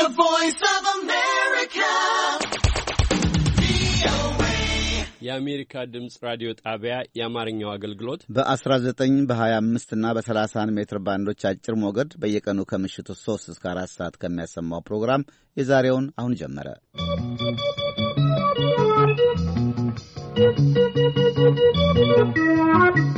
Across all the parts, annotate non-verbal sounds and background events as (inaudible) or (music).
The Voice of America. የአሜሪካ ድምፅ ራዲዮ ጣቢያ የአማርኛው አገልግሎት በ19 በ25 እና በ31 ሜትር ባንዶች አጭር ሞገድ በየቀኑ ከምሽቱ 3 እስከ 4 ሰዓት ከሚያሰማው ፕሮግራም የዛሬውን አሁን ጀመረ። ¶¶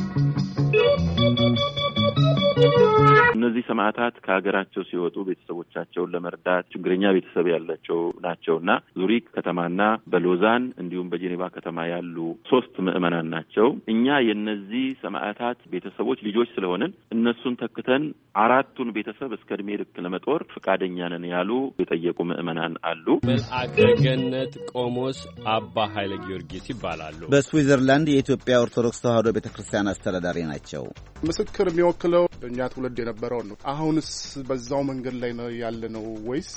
እነዚህ ሰማዕታት ከሀገራቸው ሲወጡ ቤተሰቦቻቸውን ለመርዳት ችግረኛ ቤተሰብ ያላቸው ናቸውና ዙሪክ ከተማና በሎዛን እንዲሁም በጄኔቫ ከተማ ያሉ ሶስት ምዕመናን ናቸው። እኛ የነዚህ ሰማዕታት ቤተሰቦች ልጆች ስለሆንን እነሱን ተክተን አራቱን ቤተሰብ እስከ እድሜ ልክ ለመጦር ፈቃደኛ ነን ያሉ የጠየቁ ምዕመናን አሉ። መልአከ ገነት ቆሞስ አባ ኃይለ ጊዮርጊስ ይባላሉ። በስዊዘርላንድ የኢትዮጵያ ኦርቶዶክስ ተዋህዶ ቤተ ክርስቲያን አስተዳዳሪ ናቸው። ምስክር የሚወክለው እኛ ትውልድ የነበ የነበረውን ነው። አሁንስ በዛው መንገድ ላይ ነው ያለ ነው ወይስ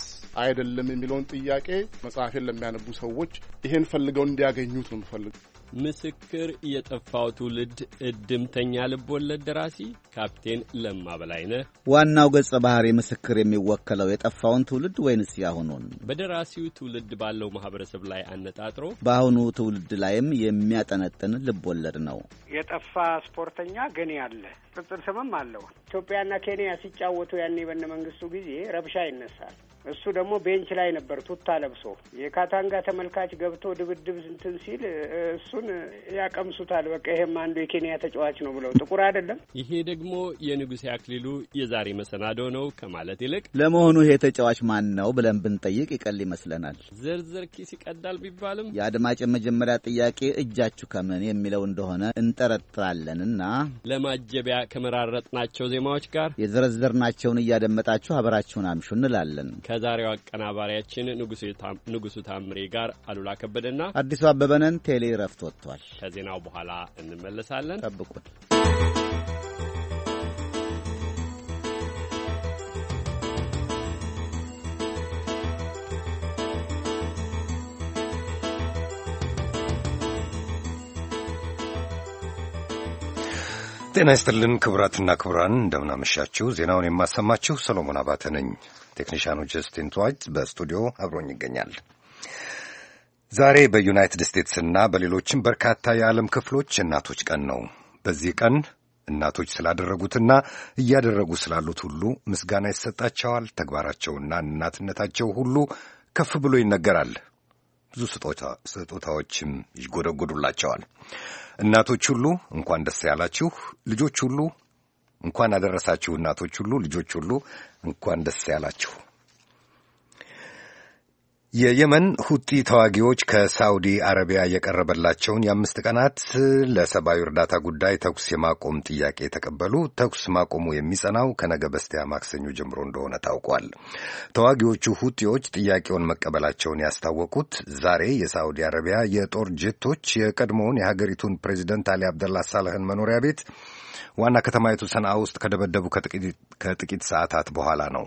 አይደለም የሚለውን ጥያቄ መጽሐፌን ለሚያነቡ ሰዎች ይሄን ፈልገው እንዲያገኙት ነው የምፈልገው። ምስክር የጠፋው ትውልድ እድምተኛ ልቦለድ ደራሲ ካፕቴን ለማ በላይነህ ዋናው ገጸ ባህሪ ምስክር የሚወከለው የጠፋውን ትውልድ ወይንስ ያሁኑን? በደራሲው ትውልድ ባለው ማህበረሰብ ላይ አነጣጥሮ በአሁኑ ትውልድ ላይም የሚያጠነጥን ልቦለድ ነው። የጠፋ ስፖርተኛ ግን ያለ ቅጽል ስምም አለው። ኢትዮጵያና ኬንያ ሲጫወቱ ያኔ በነ መንግስቱ ጊዜ ረብሻ ይነሳል። እሱ ደግሞ ቤንች ላይ ነበር ቱታ ለብሶ። የካታንጋ ተመልካች ገብቶ ድብድብ እንትን ሲል እሱን ያቀምሱታል። በቃ ይሄም አንዱ የኬንያ ተጫዋች ነው ብለው ጥቁር አይደለም። ይሄ ደግሞ የንጉሴ አክሊሉ የዛሬ መሰናዶ ነው ከማለት ይልቅ ለመሆኑ ይሄ ተጫዋች ማን ነው ብለን ብንጠይቅ ይቀል ይመስለናል። ዝርዝር ኪስ ይቀዳል ቢባልም የአድማጭ የመጀመሪያ ጥያቄ እጃችሁ ከምን የሚለው እንደሆነ እንጠረጥራለንና ለማጀቢያ ከመራረጥናቸው ዜማዎች ጋር የዘረዘርናቸውን እያደመጣችሁ አብራችሁን አምሹ እንላለን። ከዛሬው አቀናባሪያችን ንጉሱ ታምሬ ጋር አሉላ ከበደና አዲሱ አበበነን ቴሌ ረፍት ወጥቷል። ከዜናው በኋላ እንመለሳለን። ጠብቁን። ጤና ይስጥልን ክቡራትና ክቡራን፣ እንደምናመሻችሁ። ዜናውን የማሰማችሁ ሰሎሞን አባተ ነኝ። ቴክኒሻኑ ጀስቲን ትዋይት በስቱዲዮ አብሮኝ ይገኛል። ዛሬ በዩናይትድ ስቴትስና በሌሎችም በርካታ የዓለም ክፍሎች እናቶች ቀን ነው። በዚህ ቀን እናቶች ስላደረጉትና እያደረጉ ስላሉት ሁሉ ምስጋና ይሰጣቸዋል። ተግባራቸውና እናትነታቸው ሁሉ ከፍ ብሎ ይነገራል። ብዙ ስጦታዎችም ይጎደጎዱላቸዋል። እናቶች ሁሉ እንኳን ደስ ያላችሁ፣ ልጆች ሁሉ እንኳን አደረሳችሁ። እናቶች ሁሉ ልጆች ሁሉ እንኳን ደስ ያላችሁ። የየመን ሁጢ ተዋጊዎች ከሳውዲ አረቢያ የቀረበላቸውን የአምስት ቀናት ለሰብአዊ እርዳታ ጉዳይ ተኩስ የማቆም ጥያቄ ተቀበሉ ተኩስ ማቆሙ የሚጸናው ከነገ በስቲያ ማክሰኞ ጀምሮ እንደሆነ ታውቋል። ተዋጊዎቹ ሁጢዎች ጥያቄውን መቀበላቸውን ያስታወቁት ዛሬ የሳውዲ አረቢያ የጦር ጄቶች የቀድሞውን የሀገሪቱን ፕሬዚደንት አሊ አብደላ ሳልህን መኖሪያ ቤት ዋና ከተማይቱ ሰንዓ ውስጥ ከደበደቡ ከጥቂት ሰዓታት በኋላ ነው።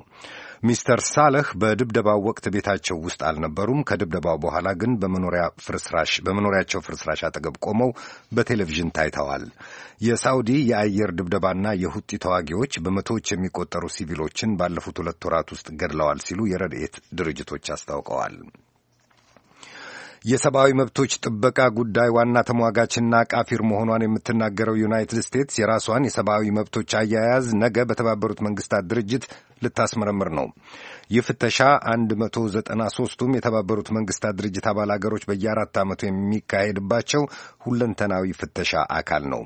ሚስተር ሳለህ በድብደባው ወቅት ቤታቸው ውስጥ አልነበሩም። ከድብደባው በኋላ ግን በመኖሪያ ፍርስራሽ በመኖሪያቸው ፍርስራሽ አጠገብ ቆመው በቴሌቪዥን ታይተዋል። የሳውዲ የአየር ድብደባና የሁጢ ተዋጊዎች በመቶዎች የሚቆጠሩ ሲቪሎችን ባለፉት ሁለት ወራት ውስጥ ገድለዋል ሲሉ የረድኤት ድርጅቶች አስታውቀዋል። የሰብአዊ መብቶች ጥበቃ ጉዳይ ዋና ተሟጋችና ቃፊር መሆኗን የምትናገረው ዩናይትድ ስቴትስ የራሷን የሰብአዊ መብቶች አያያዝ ነገ በተባበሩት መንግስታት ድርጅት ልታስመረምር ነው። ይህ ፍተሻ 193ቱም የተባበሩት መንግስታት ድርጅት አባል አገሮች በየአራት ዓመቱ የሚካሄድባቸው ሁለንተናዊ ፍተሻ አካል ነው።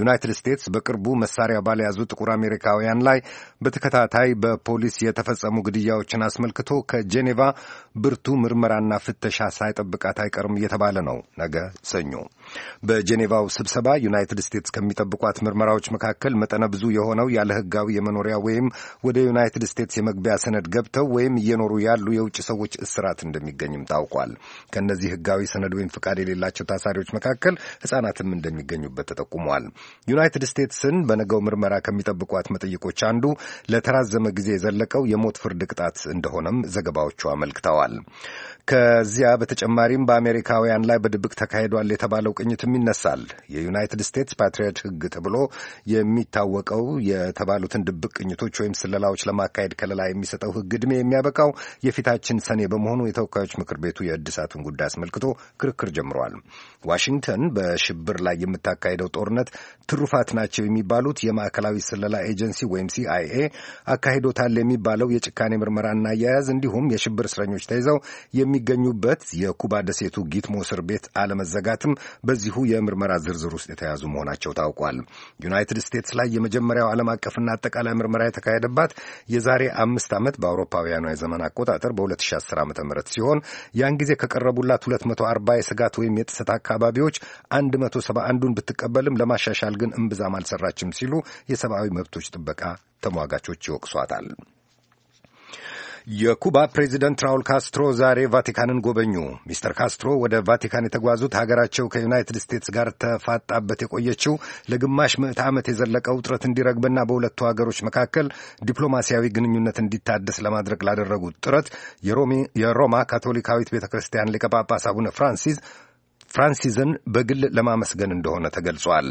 ዩናይትድ ስቴትስ በቅርቡ መሳሪያ ባልያዙ ጥቁር አሜሪካውያን ላይ በተከታታይ በፖሊስ የተፈጸሙ ግድያዎችን አስመልክቶ ከጄኔቫ ብርቱ ምርመራና ፍተሻ ሳይጠብቃት አይቀርም እየተባለ ነው። ነገ ሰኞ በጄኔቫው ስብሰባ ዩናይትድ ስቴትስ ከሚጠብቋት ምርመራዎች መካከል መጠነ ብዙ የሆነው ያለ ሕጋዊ የመኖሪያ ወይም ወደ ዩናይትድ ስቴትስ የመግቢያ ሰነድ ገብተው ወይም እየኖሩ ያሉ የውጭ ሰዎች እስራት እንደሚገኝም ታውቋል። ከእነዚህ ሕጋዊ ሰነድ ወይም ፍቃድ የሌላቸው ታሳሪዎች መካከል ሕጻናትም እንደሚገኙበት ተጠቁሟል። ዩናይትድ ስቴትስን በነገው ምርመራ ከሚጠብቋት መጠይቆች አንዱ ለተራዘመ ጊዜ የዘለቀው የሞት ፍርድ ቅጣት እንደሆነም ዘገባዎቹ አመልክተዋል። ከዚያ በተጨማሪም በአሜሪካውያን ላይ በድብቅ ተካሂዷል የተባለው ቅኝትም ይነሳል። የዩናይትድ ስቴትስ ፓትሪያት ሕግ ተብሎ የሚታወቀው የተባሉትን ድብቅ ቅኝቶች ወይም ስለላዎች ለማካሄድ ከለላ የሚሰጠው ሕግ ዕድሜ የሚያበቃው የፊታችን ሰኔ በመሆኑ የተወካዮች ምክር ቤቱ የእድሳቱን ጉዳይ አስመልክቶ ክርክር ጀምሯል። ዋሽንግተን በሽብር ላይ የምታካሄደው ጦርነት ትሩፋት ናቸው የሚባሉት የማዕከላዊ ስለላ ኤጀንሲ ወይም ሲአይኤ አካሂዶታል የሚባለው የጭካኔ ምርመራና አያያዝ እንዲሁም የሽብር እስረኞች ተይዘው የሚገኙበት የኩባ ደሴቱ ጊትሞ እስር ቤት አለመዘጋትም በዚሁ የምርመራ ዝርዝር ውስጥ የተያዙ መሆናቸው ታውቋል። ዩናይትድ ስቴትስ ላይ የመጀመሪያው ዓለም አቀፍና አጠቃላይ ምርመራ የተካሄደባት የዛሬ አምስት ዓመት በአውሮፓውያኑ የዘመን አቆጣጠር በ2010 ዓ ም ሲሆን ያን ጊዜ ከቀረቡላት 240 የስጋት ወይም የጥሰት አካባቢዎች 171ዱን ብትቀበልም ለማሻሻል ግን እምብዛም አልሰራችም ሲሉ የሰብአዊ መብቶች ጥበቃ ተሟጋቾች ይወቅሷታል። የኩባ ፕሬዚደንት ራውል ካስትሮ ዛሬ ቫቲካንን ጎበኙ። ሚስተር ካስትሮ ወደ ቫቲካን የተጓዙት ሀገራቸው ከዩናይትድ ስቴትስ ጋር ተፋጣበት የቆየችው ለግማሽ ምዕተ ዓመት የዘለቀ ውጥረት እንዲረግብና በሁለቱ ሀገሮች መካከል ዲፕሎማሲያዊ ግንኙነት እንዲታደስ ለማድረግ ላደረጉት ጥረት የሮማ ካቶሊካዊት ቤተ ክርስቲያን ሊቀ ጳጳስ አቡነ ፍራንሲስ ፍራንሲዝን በግል ለማመስገን እንደሆነ ተገልጿል።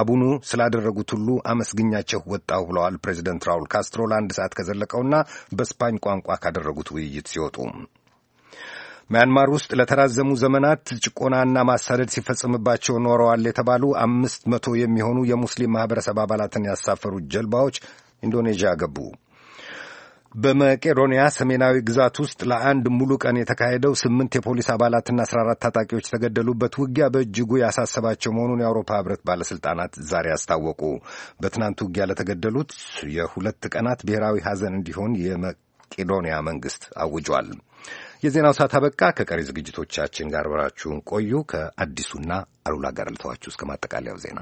አቡኑ ስላደረጉት ሁሉ አመስግኛቸው ወጣሁ ብለዋል ፕሬዚደንት ራውል ካስትሮ ለአንድ ሰዓት ከዘለቀውና በስፓኝ ቋንቋ ካደረጉት ውይይት ሲወጡ ሚያንማር ውስጥ ለተራዘሙ ዘመናት ጭቆናና ማሳደድ ሲፈጽምባቸው ኖረዋል የተባሉ አምስት መቶ የሚሆኑ የሙስሊም ማህበረሰብ አባላትን ያሳፈሩ ጀልባዎች ኢንዶኔዥያ ገቡ። በመቄዶንያ ሰሜናዊ ግዛት ውስጥ ለአንድ ሙሉ ቀን የተካሄደው ስምንት የፖሊስ አባላትና አስራ አራት ታጣቂዎች የተገደሉበት ውጊያ በእጅጉ ያሳሰባቸው መሆኑን የአውሮፓ ሕብረት ባለስልጣናት ዛሬ አስታወቁ። በትናንት ውጊያ ለተገደሉት የሁለት ቀናት ብሔራዊ ሐዘን እንዲሆን የመቄዶንያ መንግስት አውጇል። የዜናው ሰዓት አበቃ። ከቀሪ ዝግጅቶቻችን ጋር አብራችሁን ቆዩ። ከአዲሱና አሉላ ጋር ልተዋችሁ እስከ ማጠቃለያው ዜና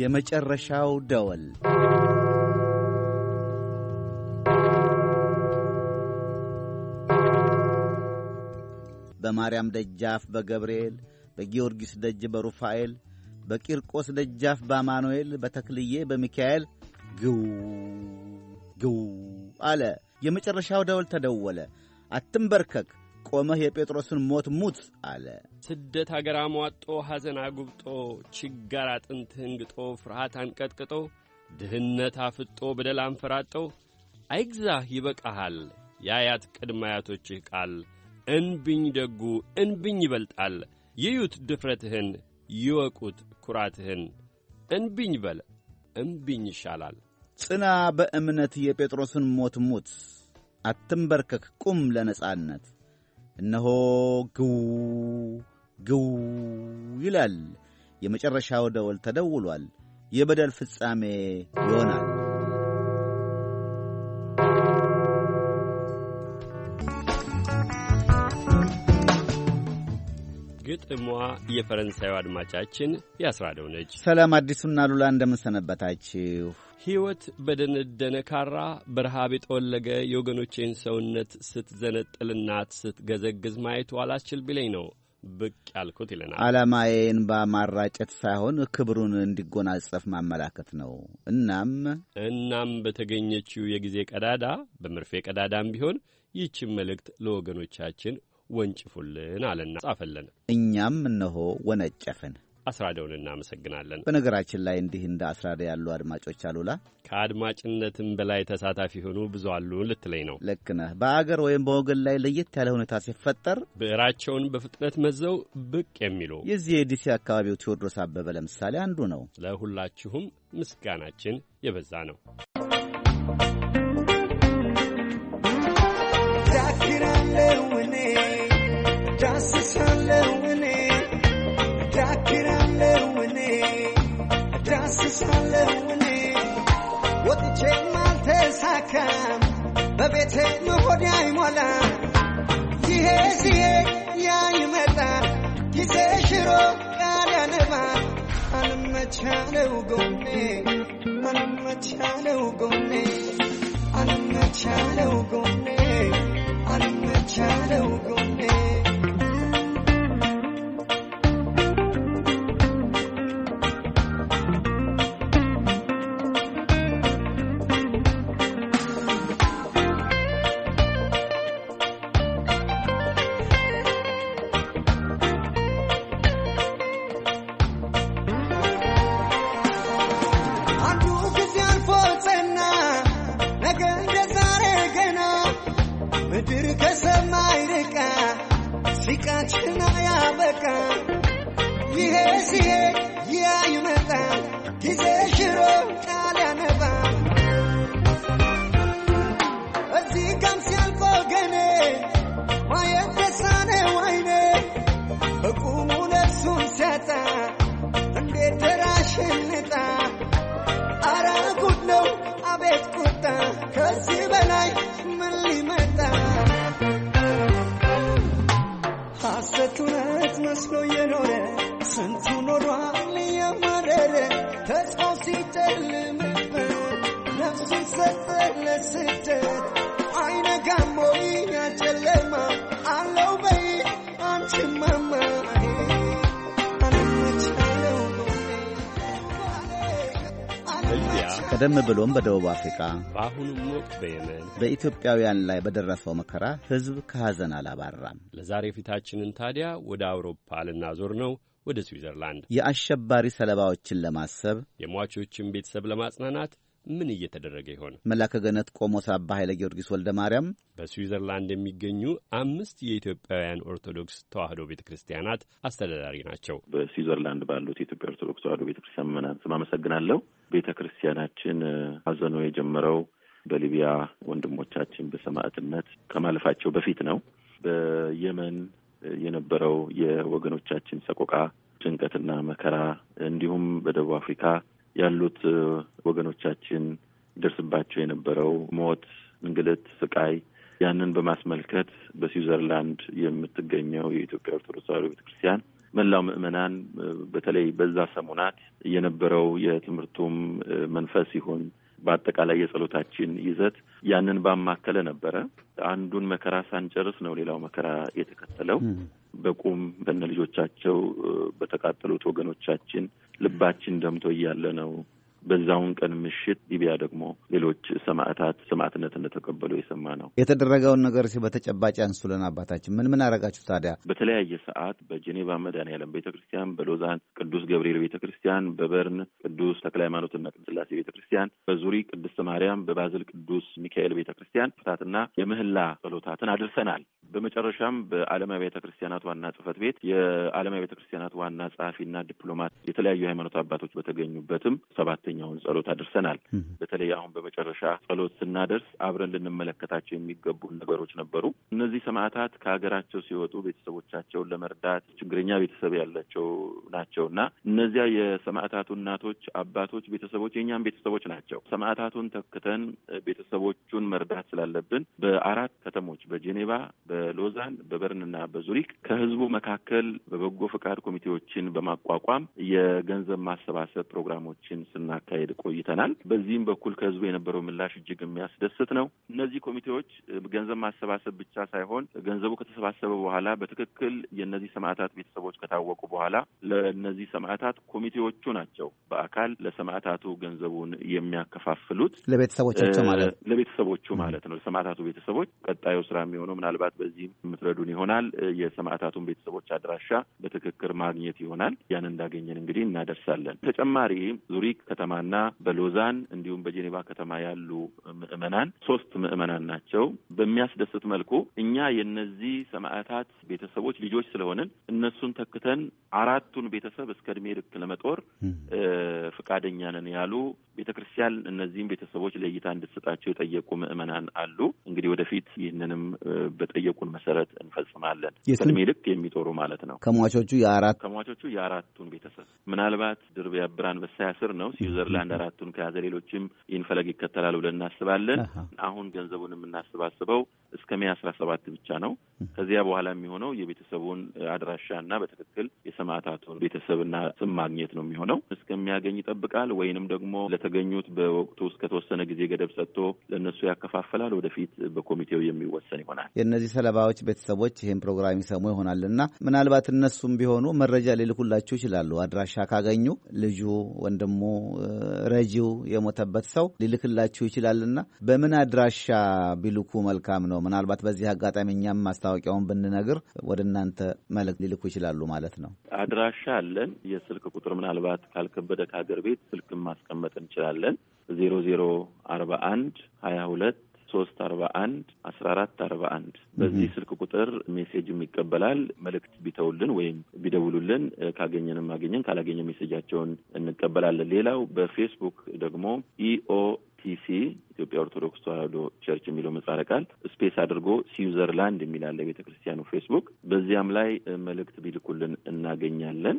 የመጨረሻው ደወል በማርያም ደጃፍ በገብርኤል በጊዮርጊስ ደጅ በሩፋኤል በቂርቆስ ደጃፍ በአማኑኤል በተክልዬ በሚካኤል ግው ግው አለ። የመጨረሻው ደወል ተደወለ። አትንበርከክ፣ ቆመህ የጴጥሮስን ሞት ሙት አለ። ስደት አገር አሟጦ፣ ሐዘን አጉብጦ፣ ችጋር አጥንት እንግጦ፣ ፍርሃት አንቀጥቅጦ፣ ድህነት አፍጦ፣ በደል አንፈራጠው አይግዛህ ይበቃሃል የአያት ቅድመ አያቶችህ ቃል። እንብኝ ደጉ እንብኝ ይበልጣል፣ ይዩት ድፍረትህን ይወቁት ኩራትህን። እንብኝ በል እንብኝ ይሻላል። ጽና በእምነት የጴጥሮስን ሞት ሙት፣ አትንበርከክ ቁም ለነጻነት እነሆ ግው ግው ይላል። የመጨረሻው ደወል ተደውሏል። የበደል ፍጻሜ ይሆናል። ግጥሟ የፈረንሳዩ አድማጫችን ያስራደው ነች። ሰላም አዲሱና ሉላ እንደምንሰነበታችሁ። ሕይወት በደነደነ ካራ በረሃብ የጠወለገ የወገኖቼን ሰውነት ስትዘነጥልናት ስትገዘግዝ ማየቱ አላስችል ቢለኝ ነው ብቅ ያልኩት ይለናል። ዓላማዬን በማራጨት ሳይሆን ክብሩን እንዲጎናጸፍ ማመላከት ነው። እናም እናም በተገኘችው የጊዜ ቀዳዳ በመርፌ ቀዳዳም ቢሆን ይህችን መልእክት ለወገኖቻችን ወንጭፉልን አለና ጻፈልን። እኛም እነሆ ወነጨፍን። አስራደውን እናመሰግናለን። በነገራችን ላይ እንዲህ እንደ አስራደ ያሉ አድማጮች አሉላ ከአድማጭነትም በላይ ተሳታፊ ሆኑ ብዙ አሉ ልትለኝ ነው። ልክ ነህ። በአገር ወይም በወገን ላይ ለየት ያለ ሁኔታ ሲፈጠር ብዕራቸውን በፍጥነት መዘው ብቅ የሚሉ የዚህ የዲሲ አካባቢው ቴዎድሮስ አበበ ለምሳሌ አንዱ ነው። ለሁላችሁም ምስጋናችን የበዛ ነው። አስሳለሁን ወጥቼም ማልተሳካም በቤቴ መሆድ አይሞላ ይሄ ሲሄ ያ ይመጣ ጊዜ ሽሮ ቃል ያነባ አንመቻለው ጎኔ አንመቻለው ጎኔ አንመቻለው ጎኔ አሁን በደቡብ አፍሪካ፣ በአሁኑም ወቅት በየመን በኢትዮጵያውያን ላይ በደረሰው መከራ ሕዝብ ከሐዘን አላባራም። ለዛሬ ፊታችንን ታዲያ ወደ አውሮፓ ልናዞር ነው ወደ ስዊዘርላንድ የአሸባሪ ሰለባዎችን ለማሰብ የሟቾችን ቤተሰብ ለማጽናናት ምን እየተደረገ ይሆን? መላከ ገነት ቆሞስ አባ ኃይለ ጊዮርጊስ ወልደ ማርያም በስዊዘርላንድ የሚገኙ አምስት የኢትዮጵያውያን ኦርቶዶክስ ተዋህዶ ቤተ ክርስቲያናት አስተዳዳሪ ናቸው። በስዊዘርላንድ ባሉት የኢትዮጵያ ኦርቶዶክስ ተዋህዶ ቤተ ክርስቲያን መናን ስም አመሰግናለሁ። ቤተ ክርስቲያናችን ሀዘኑ የጀመረው በሊቢያ ወንድሞቻችን በሰማዕትነት ከማለፋቸው በፊት ነው። በየመን የነበረው የወገኖቻችን ሰቆቃ፣ ጭንቀትና መከራ እንዲሁም በደቡብ አፍሪካ ያሉት ወገኖቻችን ይደርስባቸው የነበረው ሞት፣ እንግልት፣ ስቃይ ያንን በማስመልከት በስዊዘርላንድ የምትገኘው የኢትዮጵያ ኦርቶዶክስ ተዋሕዶ ቤተክርስቲያን መላው ምእመናን በተለይ በዛ ሰሞናት የነበረው የትምህርቱም መንፈስ ይሁን በአጠቃላይ የጸሎታችን ይዘት ያንን ባማከለ ነበረ። አንዱን መከራ ሳንጨርስ ነው ሌላው መከራ የተከተለው። በቁም በነ ልጆቻቸው በተቃጠሉት ወገኖቻችን ልባችን ደምቶ እያለ ነው በዛውን ቀን ምሽት ሊቢያ ደግሞ ሌሎች ሰማዕታት ሰማዕትነት እንደተቀበሉ የሰማ ነው። የተደረገውን ነገር ሲ በተጨባጭ አንሱለን አባታችን ምን ምን አረጋችሁ ታዲያ? በተለያየ ሰዓት በጄኔቫ መድኃኔዓለም ቤተ ክርስቲያን፣ በሎዛን ቅዱስ ገብርኤል ቤተ ክርስቲያን፣ በበርን ቅዱስ ተክለ ሃይማኖትና ቅድስት ሥላሴ ቤተ ክርስቲያን፣ በዙሪ ቅድስት ማርያም፣ በባዝል ቅዱስ ሚካኤል ቤተ ክርስቲያን ፍታትና የምህላ ጸሎታትን አድርሰናል። በመጨረሻም በዓለም አብያተ ክርስቲያናት ዋና ጽህፈት ቤት የዓለም አብያተ ክርስቲያናት ዋና ጸሐፊና ዲፕሎማት የተለያዩ ሃይማኖት አባቶች በተገኙበትም ሰባት ሁለተኛውን ጸሎት አድርሰናል። በተለይ አሁን በመጨረሻ ጸሎት ስናደርስ አብረን ልንመለከታቸው የሚገቡ ነገሮች ነበሩ። እነዚህ ሰማዕታት ከሀገራቸው ሲወጡ ቤተሰቦቻቸውን ለመርዳት ችግረኛ ቤተሰብ ያላቸው ናቸው እና እነዚያ የሰማዕታቱ እናቶች፣ አባቶች ቤተሰቦች የእኛም ቤተሰቦች ናቸው። ሰማዕታቱን ተክተን ቤተሰቦቹን መርዳት ስላለብን በአራት ከተሞች በጄኔቫ፣ በሎዛን፣ በበርንና በዙሪክ ከህዝቡ መካከል በበጎ ፈቃድ ኮሚቴዎችን በማቋቋም የገንዘብ ማሰባሰብ ፕሮግራሞችን ስና ስናካሄድ ቆይተናል። በዚህም በኩል ከህዝቡ የነበረው ምላሽ እጅግ የሚያስደስት ነው። እነዚህ ኮሚቴዎች ገንዘብ ማሰባሰብ ብቻ ሳይሆን ገንዘቡ ከተሰባሰበ በኋላ በትክክል የእነዚህ ሰማዕታት ቤተሰቦች ከታወቁ በኋላ ለእነዚህ ሰማዕታት ኮሚቴዎቹ ናቸው በአካል ለሰማዕታቱ ገንዘቡን የሚያከፋፍሉት ለቤተሰቦቻቸው ማለት ለቤተሰቦቹ ማለት ነው። ለሰማዕታቱ ቤተሰቦች ቀጣዩ ስራ የሚሆነው ምናልባት በዚህም የምትረዱን ይሆናል የሰማዕታቱን ቤተሰቦች አድራሻ በትክክል ማግኘት ይሆናል። ያን እንዳገኘን እንግዲህ እናደርሳለን። ተጨማሪ ዙሪክ ከተማ ከተማና በሎዛን እንዲሁም በጄኔቫ ከተማ ያሉ ምዕመናን ሶስት ምዕመናን ናቸው። በሚያስደስት መልኩ እኛ የነዚህ ሰማዕታት ቤተሰቦች ልጆች ስለሆንን እነሱን ተክተን አራቱን ቤተሰብ እስከ እድሜ ልክ ለመጦር ፍቃደኛ ነን ያሉ ቤተ ክርስቲያን እነዚህም ቤተሰቦች ለእይታ እንድትሰጣቸው የጠየቁ ምዕመናን አሉ። እንግዲህ ወደፊት ይህንንም በጠየቁን መሰረት እንፈጽማለን። ከእድሜ ልክ የሚጦሩ ማለት ነው። ከሟቾቹ የአራት ከሟቾቹ የአራቱን ቤተሰብ ምናልባት ድርብ ያብር አንበሳ ያስር ነው ሲዩዘ ኔዘርላንድ አራቱን ከያዘ ሌሎችም ይህን ፈለግ ይከተላል ብለን እናስባለን። አሁን ገንዘቡን የምናሰባስበው እስከ ሜይ አስራ ሰባት ብቻ ነው። ከዚያ በኋላ የሚሆነው የቤተሰቡን አድራሻና በትክክል የሰማዕታቱን ቤተሰብና ስም ማግኘት ነው የሚሆነው። እስከሚያገኝ ይጠብቃል፣ ወይንም ደግሞ ለተገኙት በወቅቱ እስከተወሰነ ጊዜ ገደብ ሰጥቶ ለእነሱ ያከፋፈላል። ወደፊት በኮሚቴው የሚወሰን ይሆናል። የእነዚህ ሰለባዎች ቤተሰቦች ይህን ፕሮግራም ይሰሙ ይሆናል እና ምናልባት እነሱም ቢሆኑ መረጃ ሊልኩላችሁ ይችላሉ። አድራሻ ካገኙ ልጁ፣ ወንድሙ፣ ረጂው የሞተበት ሰው ሊልክላችሁ ይችላልና በምን አድራሻ ቢልኩ መልካም ነው? ምናልባት በዚህ አጋጣሚ እኛም ማስታወቂያውን ብንነግር ወደ እናንተ መልእክት ሊልኩ ይችላሉ ማለት ነው። አድራሻ አለን። የስልክ ቁጥር ምናልባት ካልከበደ ከሀገር ቤት ስልክም ማስቀመጥ እንችላለን። ዜሮ ዜሮ አርባ አንድ ሀያ ሁለት ሶስት አርባ አንድ አስራ አራት አርባ አንድ በዚህ ስልክ ቁጥር ሜሴጅም ይቀበላል። መልእክት ቢተውልን ወይም ቢደውሉልን ካገኘንም አገኘን፣ ካላገኘ ሜሴጃቸውን እንቀበላለን። ሌላው በፌስቡክ ደግሞ ኢኦቲሲ የኢትዮጵያ ኦርቶዶክስ ተዋህዶ ቸርች የሚለው ምህጻረ ቃል ስፔስ አድርጎ ስዊዘርላንድ የሚላለ ቤተ ክርስቲያኑ ፌስቡክ፣ በዚያም ላይ መልእክት ቢልኩልን እናገኛለን።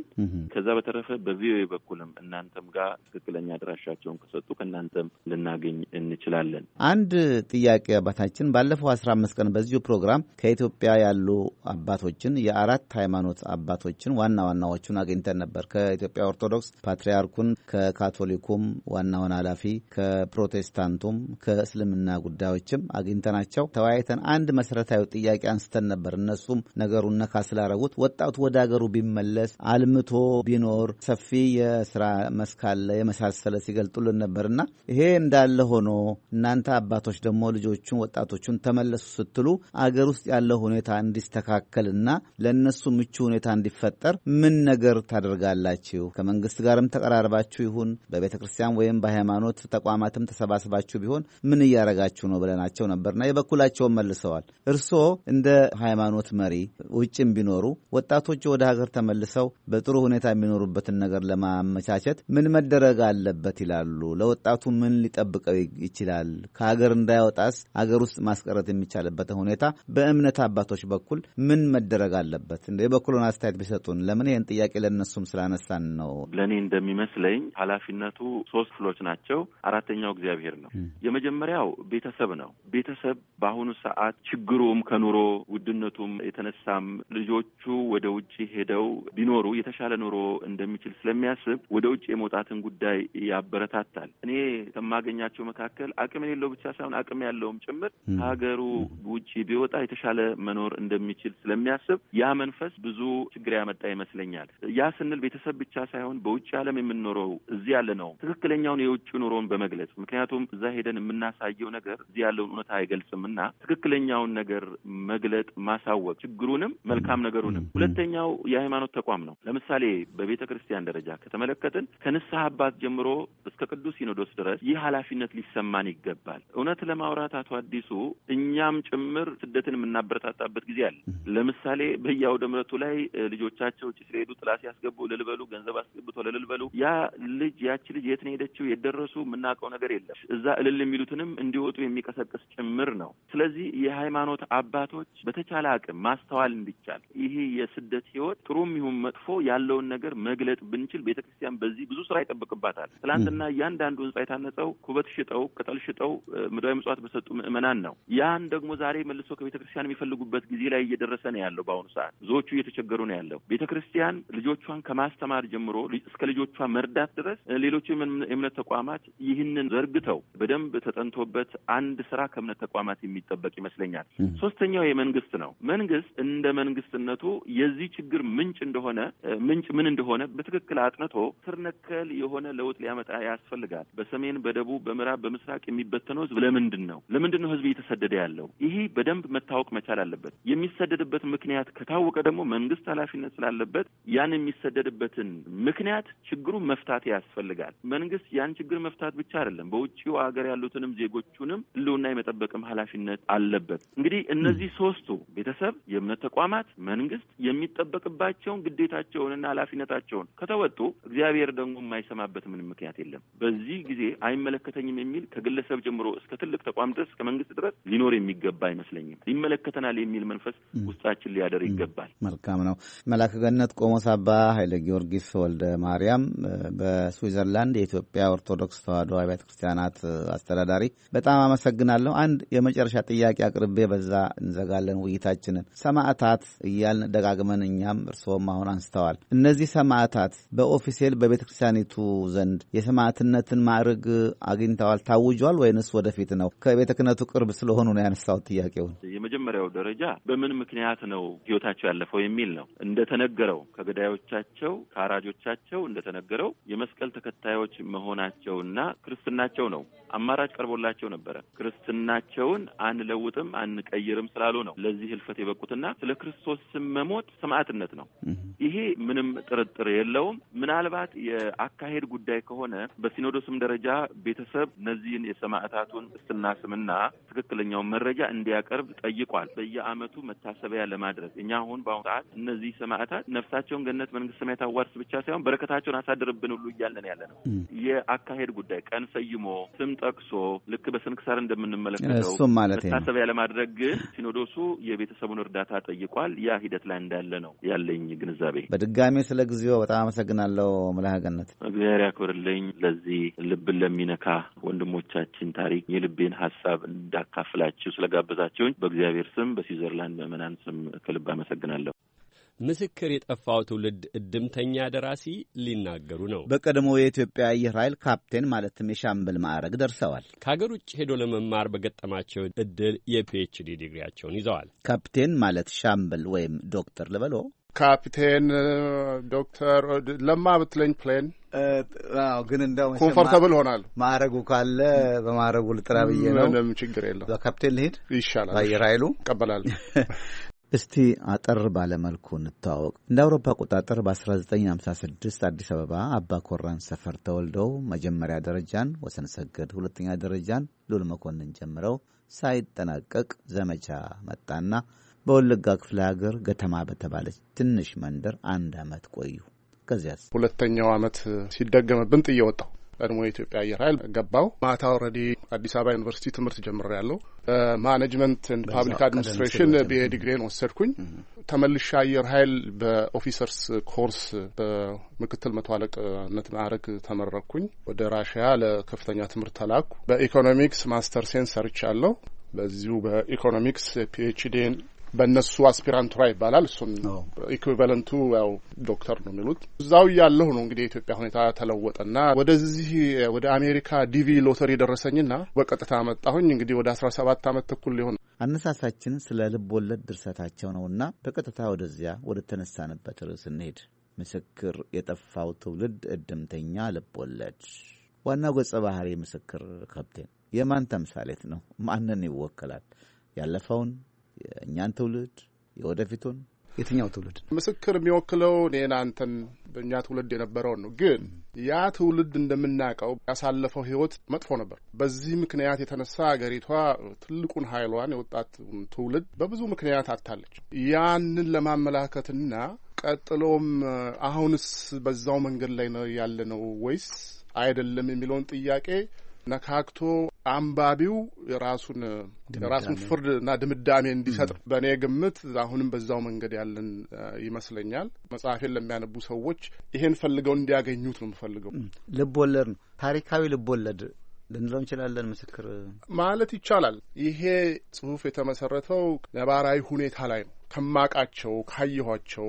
ከዛ በተረፈ በቪኦኤ በኩልም እናንተም ጋር ትክክለኛ አድራሻቸውን ከሰጡ ከእናንተም ልናገኝ እንችላለን። አንድ ጥያቄ አባታችን ባለፈው አስራ አምስት ቀን በዚሁ ፕሮግራም ከኢትዮጵያ ያሉ አባቶችን የአራት ሃይማኖት አባቶችን ዋና ዋናዎቹን አግኝተን ነበር። ከኢትዮጵያ ኦርቶዶክስ ፓትርያርኩን፣ ከካቶሊኩም ዋናውን ኃላፊ፣ ከፕሮቴስታንቱም ከእስልምና ጉዳዮችም አግኝተናቸው ተወያይተን አንድ መሰረታዊ ጥያቄ አንስተን ነበር። እነሱም ነገሩን ነካ ስላረጉት ወጣቱ ወደ ሀገሩ ቢመለስ አልምቶ ቢኖር ሰፊ የስራ መስክ አለ የመሳሰለ ሲገልጡልን ነበርና ይሄ እንዳለ ሆኖ እናንተ አባቶች ደግሞ ልጆቹን ወጣቶቹን ተመለሱ ስትሉ አገር ውስጥ ያለው ሁኔታ እንዲስተካከልና ለእነሱ ምቹ ሁኔታ እንዲፈጠር ምን ነገር ታደርጋላችሁ? ከመንግስት ጋርም ተቀራርባችሁ ይሁን በቤተ ክርስቲያን ወይም በሃይማኖት ተቋማትም ተሰባስባችሁ ቢሆን ምን እያረጋችሁ ነው ብለናቸው ነበርና የበኩላቸውን መልሰዋል። እርስዎ እንደ ሃይማኖት መሪ ውጭም ቢኖሩ ወጣቶች ወደ ሀገር ተመልሰው በጥሩ ሁኔታ የሚኖሩበትን ነገር ለማመቻቸት ምን መደረግ አለበት ይላሉ? ለወጣቱ ምን ሊጠብቀው ይችላል? ከሀገር እንዳይወጣስ ሀገር ውስጥ ማስቀረት የሚቻልበትን ሁኔታ በእምነት አባቶች በኩል ምን መደረግ አለበት? እንደ የበኩሉን አስተያየት ቢሰጡን። ለምን ይህን ጥያቄ ለነሱም ስላነሳን ነው። ለእኔ እንደሚመስለኝ ኃላፊነቱ ሶስት ክፍሎች ናቸው። አራተኛው እግዚአብሔር ነው። የመጀመሪያው ቤተሰብ ነው። ቤተሰብ በአሁኑ ሰዓት ችግሩም ከኑሮ ውድነቱም የተነሳም ልጆቹ ወደ ውጭ ሄደው ቢኖሩ የተሻለ ኑሮ እንደሚችል ስለሚያስብ ወደ ውጭ የመውጣትን ጉዳይ ያበረታታል። እኔ ከማገኛቸው መካከል አቅም የሌለው ብቻ ሳይሆን አቅም ያለውም ጭምር ከሀገሩ ውጭ ቢወጣ የተሻለ መኖር እንደሚችል ስለሚያስብ ያ መንፈስ ብዙ ችግር ያመጣ ይመስለኛል። ያ ስንል ቤተሰብ ብቻ ሳይሆን በውጭ ዓለም የምንኖረው እዚህ ያለ ነው ትክክለኛውን የውጭ ኑሮን በመግለጽ ምክንያቱም እዛ ሄደ ሄደን የምናሳየው ነገር እዚህ ያለውን እውነታ አይገልጽም እና ትክክለኛውን ነገር መግለጥ ማሳወቅ፣ ችግሩንም መልካም ነገሩንም። ሁለተኛው የሃይማኖት ተቋም ነው። ለምሳሌ በቤተ ክርስቲያን ደረጃ ከተመለከትን ከንስሐ አባት ጀምሮ እስከ ቅዱስ ሲኖዶስ ድረስ ይህ ኃላፊነት ሊሰማን ይገባል። እውነት ለማውራት አቶ አዲሱ እኛም ጭምር ስደትን የምናበረታታበት ጊዜ አለ። ለምሳሌ በየአውደ ምሕረቱ ላይ ልጆቻቸው ጭስ ሄዱ ጥላ ሲያስገቡ ልልበሉ ገንዘብ አስገብቶ ልልበሉ ያ ልጅ ያቺ ልጅ የት ነው የሄደችው የደረሱ የምናውቀው ነገር የለም እዛ እልል የሚሉትንም እንዲወጡ የሚቀሰቅስ ጭምር ነው። ስለዚህ የሃይማኖት አባቶች በተቻለ አቅም ማስተዋል እንዲቻል ይሄ የስደት ህይወት ጥሩም ይሁን መጥፎ ያለውን ነገር መግለጥ ብንችል ቤተ ክርስቲያን በዚህ ብዙ ስራ ይጠብቅባታል። ትላንትና እያንዳንዱ ህንጻ የታነጸው ኩበት ሽጠው ቅጠል ሽጠው ምድራዊ ምጽዋት በሰጡ ምእመናን ነው። ያን ደግሞ ዛሬ መልሶ ከቤተ ክርስቲያን የሚፈልጉበት ጊዜ ላይ እየደረሰ ነው ያለው። በአሁኑ ሰዓት ብዙዎቹ እየተቸገሩ ነው ያለው። ቤተ ክርስቲያን ልጆቿን ከማስተማር ጀምሮ እስከ ልጆቿ መርዳት ድረስ ሌሎች የእምነት ተቋማት ይህንን ዘርግተው በደንብ በደንብ ተጠንቶበት አንድ ስራ ከእምነት ተቋማት የሚጠበቅ ይመስለኛል። ሶስተኛው የመንግስት ነው። መንግስት እንደ መንግስትነቱ የዚህ ችግር ምንጭ እንደሆነ ምንጭ ምን እንደሆነ በትክክል አጥንቶ ስር የሆነ ለውጥ ሊያመጣ ያስፈልጋል። በሰሜን፣ በደቡብ፣ በምዕራብ፣ በምስራቅ የሚበተነው ህዝብ ለምንድን ነው ለምንድን ነው ህዝብ እየተሰደደ ያለው? ይሄ በደንብ መታወቅ መቻል አለበት። የሚሰደድበት ምክንያት ከታወቀ ደግሞ መንግስት ኃላፊነት ስላለበት ያን የሚሰደድበትን ምክንያት ችግሩ መፍታት ያስፈልጋል። መንግስት ያን ችግር መፍታት ብቻ አይደለም በውጭው ሀገር ያሉትንም ዜጎቹንም ህልውና የመጠበቅም ኃላፊነት አለበት። እንግዲህ እነዚህ ሶስቱ ቤተሰብ፣ የእምነት ተቋማት፣ መንግስት የሚጠበቅባቸውን ግዴታቸውንና ኃላፊነታቸውን ከተወጡ እግዚአብሔር ደግሞ የማይሰማበት ምንም ምክንያት የለም። በዚህ ጊዜ አይመለከተኝም የሚል ከግለሰብ ጀምሮ እስከ ትልቅ ተቋም ድረስ ከመንግስት ድረስ ሊኖር የሚገባ አይመስለኝም። ይመለከተናል የሚል መንፈስ ውስጣችን ሊያደር ይገባል። መልካም ነው። መላከ ገነት ቆሞስ አባ ኃይለ ጊዮርጊስ ወልደ ማርያም በስዊዘርላንድ የኢትዮጵያ ኦርቶዶክስ ተዋሕዶ አብያተ ክርስቲያናት አስተዳዳሪ በጣም አመሰግናለሁ። አንድ የመጨረሻ ጥያቄ አቅርቤ በዛ እንዘጋለን ውይይታችንን። ሰማዕታት እያልን ደጋግመን እኛም እርስዎም አሁን አንስተዋል። እነዚህ ሰማዕታት በኦፊሴል በቤተ ክርስቲያኒቱ ዘንድ የሰማዕትነትን ማዕርግ አግኝተዋል ታውጇል ወይንስ ወደፊት ነው? ከቤተ ክህነቱ ቅርብ ስለሆኑ ነው ያነሳሁት ጥያቄውን። የመጀመሪያው ደረጃ በምን ምክንያት ነው ህይወታቸው ያለፈው የሚል ነው። እንደተነገረው ከገዳዮቻቸው ከአራጆቻቸው እንደተነገረው የመስቀል ተከታዮች መሆናቸውና ክርስትናቸው ነው አማራ አማራጭ ቀርቦላቸው ነበረ። ክርስትናቸውን አንለውጥም አንቀይርም ስላሉ ነው ለዚህ ህልፈት የበቁትና ስለ ክርስቶስ ስም መሞት ሰማዕትነት ነው። ይሄ ምንም ጥርጥር የለውም። ምናልባት የአካሄድ ጉዳይ ከሆነ በሲኖዶስም ደረጃ ቤተሰብ እነዚህን የሰማዕታቱን ክርስትና ስምና ትክክለኛውን መረጃ እንዲያቀርብ ጠይቋል። በየአመቱ መታሰቢያ ለማድረግ እኛ አሁን በአሁኑ ሰዓት እነዚህ ሰማዕታት ነፍሳቸውን ገነት መንግስት ሰማያት አዋርስ ብቻ ሳይሆን በረከታቸውን አሳድርብን ሁሉ እያለን ያለ ነው። የአካሄድ ጉዳይ ቀን ሰይሞ ስም ለቅሶ ልክ በስንክሳር እንደምንመለከተው መታሰቢያ ለማድረግ ሲኖዶሱ የቤተሰቡን እርዳታ ጠይቋል። ያ ሂደት ላይ እንዳለ ነው ያለኝ ግንዛቤ። በድጋሚ ስለ ጊዜው በጣም አመሰግናለሁ። ምልሀገነት እግዚአብሔር ያክብርልኝ። ለዚህ ልብን ለሚነካ ወንድሞቻችን ታሪክ የልቤን ሀሳብ እንዳካፍላችሁ ስለጋበዛችሁኝ በእግዚአብሔር ስም በስዊዘርላንድ ምዕመናን ስም ከልብ አመሰግናለሁ። ምስክር የጠፋው ትውልድ እድምተኛ ደራሲ ሊናገሩ ነው። በቀድሞው የኢትዮጵያ አየር ኃይል ካፕቴን ማለትም የሻምበል ማዕረግ ደርሰዋል። ከአገር ውጭ ሄዶ ለመማር በገጠማቸው እድል የፒኤችዲ ዲግሪያቸውን ይዘዋል። ካፕቴን ማለት ሻምበል ወይም ዶክተር ልበሎ ካፕቴን ዶክተር ለማ ብትለኝ ፕሌን ግን እንደው ኮንፎርታብል ሆናል። ማዕረጉ ካለ በማዕረጉ ልጥራ ብዬ ነው። ምንም ችግር የለው። በካፕቴን ልሄድ ይሻላል። አየር ኃይሉ ይቀበላል። (laughs) እስቲ አጠር ባለመልኩ እንተዋወቅ። እንደ አውሮፓ አቆጣጠር በ1956 አዲስ አበባ አባ ኮራን ሰፈር ተወልደው መጀመሪያ ደረጃን ወሰንሰገድ ሁለተኛ ደረጃን ሉል መኮንን ጀምረው ሳይጠናቀቅ ዘመቻ መጣና በወለጋ ክፍለ ሀገር ገተማ በተባለች ትንሽ መንደር አንድ ዓመት ቆዩ። ከዚያስ ሁለተኛው ዓመት ሲደገምብን ጥዬ ወጣሁ። ቀድሞ የኢትዮጵያ አየር ኃይል ገባው። ማታ ኦልሬዲ አዲስ አበባ ዩኒቨርሲቲ ትምህርት ጀምሬ ያለው ማኔጅመንት ፓብሊክ አድሚኒስትሬሽን ዲግሪን ወሰድኩኝ። ተመልሻ አየር ኃይል በኦፊሰርስ ኮርስ በምክትል መቶ አለቅነት ማዕረግ ተመረኩኝ። ወደ ራሽያ ለከፍተኛ ትምህርት ተላኩ። በኢኮኖሚክስ ማስተር ሴንስ ሰርቻለሁ። በዚሁ በኢኮኖሚክስ ፒኤችዲን በእነሱ አስፒራንቱራ ይባላል። እሱም ኢኩቫለንቱ ያው ዶክተር ነው የሚሉት። እዛው እያለሁ ነው እንግዲህ የኢትዮጵያ ሁኔታ ተለወጠና ወደዚህ ወደ አሜሪካ ዲቪ ሎተሪ ደረሰኝና በቀጥታ መጣሁኝ። እንግዲህ ወደ አስራ ሰባት አመት ተኩል ሊሆን አነሳሳችን ስለ ልብ ወለድ ድርሰታቸው ነውና በቀጥታ ወደዚያ ወደ ተነሳንበት ርዕስ እንሄድ። ምስክር የጠፋው ትውልድ እድምተኛ ልብ ወለድ። ዋናው ገጸ ባህሪ ምስክር ከብቴን የማን ተምሳሌት ነው? ማንን ይወክላል? ያለፈውን የእኛን ትውልድ የወደፊቱን የትኛው ትውልድ ምስክር የሚወክለው እኔን አንተን በእኛ ትውልድ የነበረውን ነው። ግን ያ ትውልድ እንደምናውቀው ያሳለፈው ሕይወት መጥፎ ነበር። በዚህ ምክንያት የተነሳ አገሪቷ ትልቁን ኃይሏን የወጣት ትውልድ በብዙ ምክንያት አታለች። ያንን ለማመላከትና ቀጥሎም አሁንስ በዛው መንገድ ላይ ነው ያለ ነው ወይስ አይደለም የሚለውን ጥያቄ ነካክቶ አንባቢው የራሱን የራሱን ፍርድ እና ድምዳሜ እንዲሰጥ በእኔ ግምት አሁንም በዛው መንገድ ያለን ይመስለኛል። መጽሐፌን ለሚያነቡ ሰዎች ይሄን ፈልገው እንዲያገኙት ነው የምፈልገው። ልብ ወለድ ነው፣ ታሪካዊ ልብ ወለድ ልንለው እንችላለን። ምስክር ማለት ይቻላል። ይሄ ጽሁፍ የተመሰረተው ነባራዊ ሁኔታ ላይ ነው። ከማቃቸው ካየኋቸው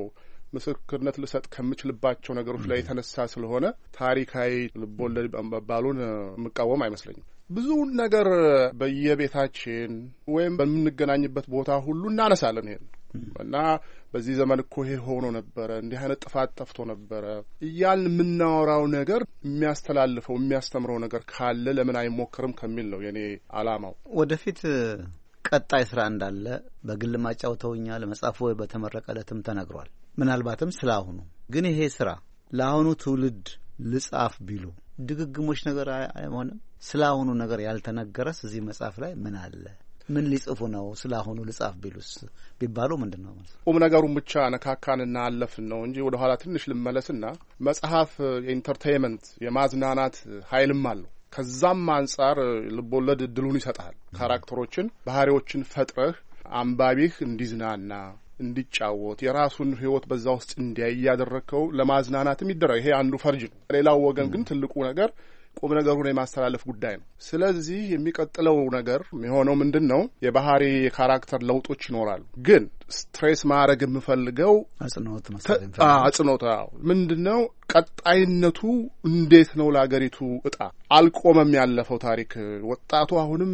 ምስክርነት ልሰጥ ከምችልባቸው ነገሮች ላይ የተነሳ ስለሆነ ታሪካዊ ልቦለድ መባሉን የምቃወም አይመስለኝም። ብዙውን ነገር በየቤታችን ወይም በምንገናኝበት ቦታ ሁሉ እናነሳለን ይሄን እና በዚህ ዘመን እኮ ይሄ ሆኖ ነበረ፣ እንዲህ አይነት ጥፋት ጠፍቶ ነበረ እያልን የምናወራው ነገር የሚያስተላልፈው የሚያስተምረው ነገር ካለ ለምን አይሞክርም ከሚል ነው የኔ አላማው። ወደፊት ቀጣይ ስራ እንዳለ በግል ማጫውተውኛል። መጽሐፉ በተመረቀ ዕለትም ተነግሯል። ምናልባትም ስለ አሁኑ ግን ይሄ ስራ ለአሁኑ ትውልድ ልጻፍ ቢሉ ድግግሞች ነገር አይሆንም። ስለ አሁኑ ነገር ያልተነገረስ እዚህ መጽሐፍ ላይ ምን አለ? ምን ሊጽፉ ነው? ስለ አሁኑ ልጻፍ ቢሉስ ቢባሉ ምንድን ነው ማለት ቁም ነገሩን ብቻ ነካካንና አለፍን ነው እንጂ ወደ ኋላ ትንሽ ልመለስና መጽሐፍ የኢንተርቴይመንት የማዝናናት ኃይልም አለው። ከዛም አንጻር ልቦለድ እድሉን ይሰጣል። ካራክተሮችን፣ ባህሪዎችን ፈጥረህ አንባቢህ እንዲዝናና እንዲጫወት የራሱን ህይወት በዛ ውስጥ እንዲያይ እያደረግከው ለማዝናናትም ይደረግ። ይሄ አንዱ ፈርጅ ነው። ሌላው ወገን ግን ትልቁ ነገር ቁም ነገሩን የማስተላለፍ ጉዳይ ነው። ስለዚህ የሚቀጥለው ነገር የሚሆነው ምንድን ነው? የባህሪ የካራክተር ለውጦች ይኖራሉ። ግን ስትሬስ ማድረግ የምፈልገው አጽንኦት አጽንኦት ምንድን ነው? ቀጣይነቱ እንዴት ነው? ለአገሪቱ እጣ አልቆመም። ያለፈው ታሪክ ወጣቱ አሁንም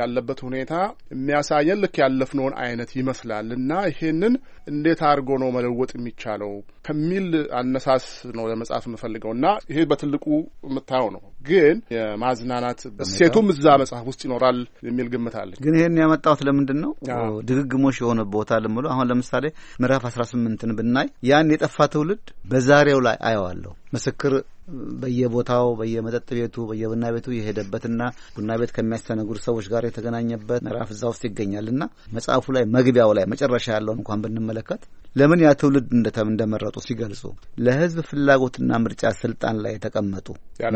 ያለበት ሁኔታ የሚያሳየን ልክ ያለፍነውን አይነት ይመስላል እና ይሄንን እንዴት አድርጎ ነው መለወጥ የሚቻለው ከሚል አነሳስ ነው ለመጽሐፍ የምፈልገው እና ይሄ በትልቁ የምታየው ነው። ግን የማዝናናት እሴቱም እዛ መጽሐፍ ውስጥ ይኖራል የሚል ግምት አለ። ግን ይሄን ያመጣሁት ለምንድን ነው ድግግሞሽ የሆነ ቦታ ልምሉ። አሁን ለምሳሌ ምዕራፍ አስራ ስምንትን ብናይ ያን የጠፋ ትውልድ በዛሬው ላይ አየዋለሁ ምስክር በየቦታው በየመጠጥ ቤቱ በየቡና ቤቱ የሄደበትና ቡና ቤት ከሚያስተነግዱ ሰዎች ጋር የተገናኘበት ምዕራፍ እዛ ውስጥ ይገኛል እና መጽሐፉ ላይ መግቢያው ላይ መጨረሻ ያለውን እንኳን ብንመለከት ለምን ያ ትውልድ እንደመረጡ ሲገልጹ ለህዝብ ፍላጎትና ምርጫ ስልጣን ላይ የተቀመጡ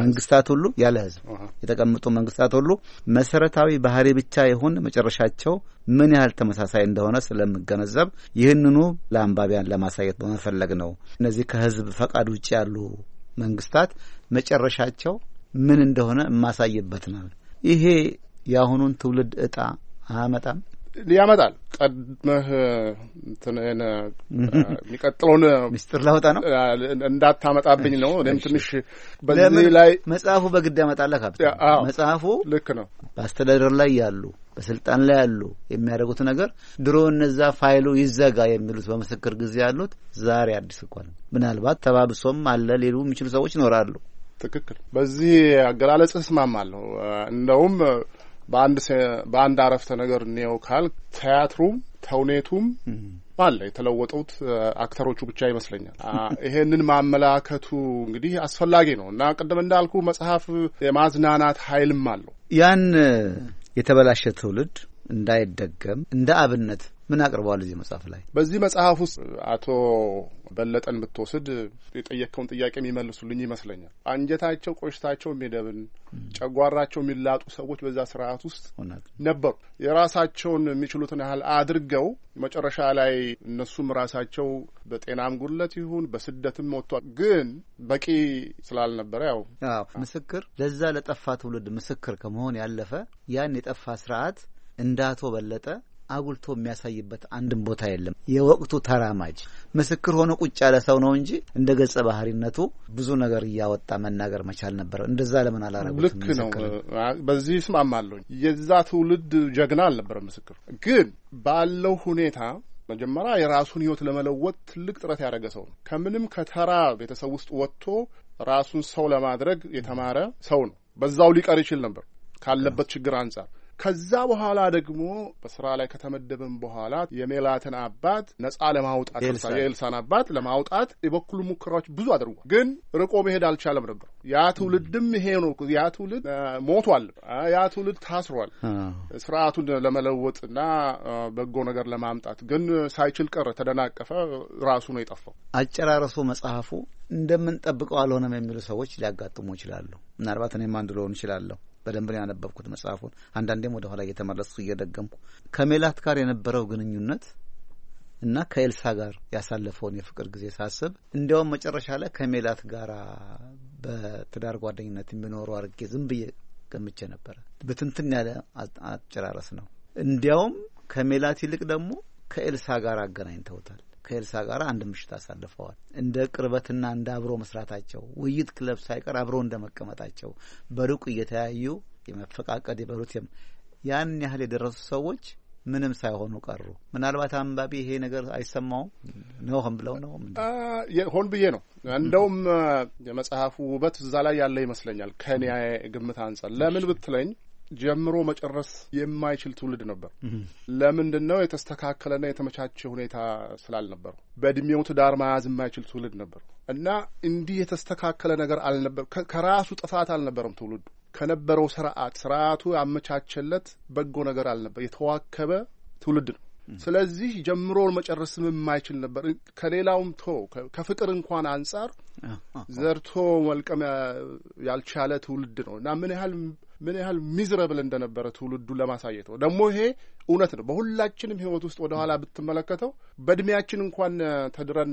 መንግስታት ሁሉ ያለ ህዝብ የተቀመጡ መንግስታት ሁሉ መሰረታዊ ባህሪ ብቻ ይሁን መጨረሻቸው ምን ያህል ተመሳሳይ እንደሆነ ስለምገነዘብ ይህንኑ ለአንባቢያን ለማሳየት በመፈለግ ነው። እነዚህ ከህዝብ ፈቃድ ውጭ ያሉ መንግስታት መጨረሻቸው ምን እንደሆነ የማሳይበት ነው። ይሄ የአሁኑን ትውልድ እጣ አያመጣም። ያመጣል። ቀድመህ እንትንህን የሚቀጥለውን ሚስጥር ለውጠ ነው እንዳታመጣብኝ ነው። እኔም ትንሽ በዚህ ላይ መጽሐፉ በግድ ያመጣለህ ካብ መጽሐፉ ልክ ነው። በአስተዳደር ላይ ያሉ በስልጣን ላይ ያሉ የሚያደርጉት ነገር ድሮ እነዛ ፋይሉ ይዘጋ የሚሉት በምስክር ጊዜ ያሉት ዛሬ አዲስ እኳል ምናልባት ተባብሶም አለ ሌሉ የሚችሉ ሰዎች ይኖራሉ። ትክክል። በዚህ አገላለጽ እስማማለሁ። እንደውም በአንድ በአንድ አረፍተ ነገር እንየው ካል ቲያትሩም ተውኔቱም አለ የተለወጡት አክተሮቹ ብቻ ይመስለኛል። ይሄንን ማመላከቱ እንግዲህ አስፈላጊ ነው እና ቅድም እንዳልኩ መጽሐፍ የማዝናናት ኃይልም አለው ያን የተበላሸ ትውልድ እንዳይደገም እንደ አብነት ምን አቅርበዋል እዚህ መጽሐፍ ላይ? በዚህ መጽሐፍ ውስጥ አቶ በለጠን ብትወስድ የጠየቅከውን ጥያቄ የሚመልሱልኝ ይመስለኛል። አንጀታቸው ቆሽታቸው የሚደብን ጨጓራቸው የሚላጡ ሰዎች በዛ ስርዓት ውስጥ ነበሩ። የራሳቸውን የሚችሉትን ያህል አድርገው መጨረሻ ላይ እነሱም ራሳቸው በጤናም ጉድለት ይሁን በስደትም ወጥቷል። ግን በቂ ስላልነበረ ያው ምስክር ለዛ ለጠፋ ትውልድ ምስክር ከመሆን ያለፈ ያን የጠፋ ስርዓት እንደ አቶ በለጠ አጉልቶ የሚያሳይበት አንድም ቦታ የለም። የወቅቱ ተራማጅ ምስክር ሆኖ ቁጭ ያለ ሰው ነው እንጂ እንደ ገጸ ባህሪነቱ ብዙ ነገር እያወጣ መናገር መቻል ነበረ። እንደዛ ለምን አላረጉት? ልክ ነው። በዚህ እስማማለሁ። የዛ ትውልድ ጀግና አልነበረም። ምስክር ግን ባለው ሁኔታ መጀመሪያ የራሱን ህይወት ለመለወጥ ትልቅ ጥረት ያደረገ ሰው ነው። ከምንም ከተራ ቤተሰብ ውስጥ ወጥቶ ራሱን ሰው ለማድረግ የተማረ ሰው ነው። በዛው ሊቀር ይችል ነበር ካለበት ችግር አንጻር ከዛ በኋላ ደግሞ በስራ ላይ ከተመደበም በኋላ የሜላትን አባት ነጻ ለማውጣት የኤልሳን አባት ለማውጣት የበኩሉ ሙከራዎች ብዙ አድርጓል። ግን ርቆ መሄድ አልቻለም ነበር። ያ ትውልድም ይሄ ነው። ያ ትውልድ ሞቷል። ያ ትውልድ ታስሯል። ስርዓቱን ለመለወጥና በጎ ነገር ለማምጣት ግን ሳይችል ቀረ፣ ተደናቀፈ። ራሱ ነው የጠፋው። አጨራረሱ መጽሐፉ እንደምንጠብቀው አልሆነም የሚሉ ሰዎች ሊያጋጥሙ ይችላሉ። ምናልባት እኔም አንዱ ልሆን ይችላለሁ። በደንብ ነው ያነበብኩት መጽሐፉን። አንዳንዴም ወደ ኋላ እየተመለስኩ እየደገምኩ ከሜላት ጋር የነበረው ግንኙነት እና ከኤልሳ ጋር ያሳለፈውን የፍቅር ጊዜ ሳስብ እንዲያውም መጨረሻ ላይ ከሜላት ጋር በትዳር ጓደኝነት የሚኖሩ አድርጌ ዝም ብዬ ገምቼ ነበረ። ብትንትን ያለ አጨራረስ ነው። እንዲያውም ከሜላት ይልቅ ደግሞ ከኤልሳ ጋር አገናኝተውታል። ከኤልሳ ጋር አንድ ምሽት አሳልፈዋል። እንደ ቅርበትና እንደ አብሮ መስራታቸው ውይይት ክለብ ሳይቀር አብሮ እንደ መቀመጣቸው በሩቅ እየተያዩ የመፈቃቀድ የበሩት ያን ያህል የደረሱ ሰዎች ምንም ሳይሆኑ ቀሩ። ምናልባት አንባቢ ይሄ ነገር አይሰማውም ነው ብለው ነው ሆን ብዬ ነው። እንደውም የመጽሐፉ ውበት እዛ ላይ ያለ ይመስለኛል ከኒያ ግምት አንጻር። ለምን ብትለኝ ጀምሮ መጨረስ የማይችል ትውልድ ነበር። ለምንድን ነው? የተስተካከለና የተመቻቸ ሁኔታ ስላልነበሩ በእድሜው ትዳር መያዝ የማይችል ትውልድ ነበር እና እንዲህ የተስተካከለ ነገር አልነበር። ከራሱ ጥፋት አልነበረም ትውልዱ ከነበረው ስርዓት ስርዓቱ ያመቻቸለት በጎ ነገር አልነበር። የተዋከበ ትውልድ ነው። ስለዚህ ጀምሮ መጨረስም የማይችል ነበር። ከሌላውም ቶ ከፍቅር እንኳን አንጻር ዘርቶ መልቀም ያልቻለ ትውልድ ነው እና ምን ያህል ምን ያህል ሚዝረብል እንደነበረ ትውልዱ ለማሳየት ነው። ደግሞ ይሄ እውነት ነው። በሁላችንም ህይወት ውስጥ ወደ ኋላ ብትመለከተው በእድሜያችን እንኳን ተድረን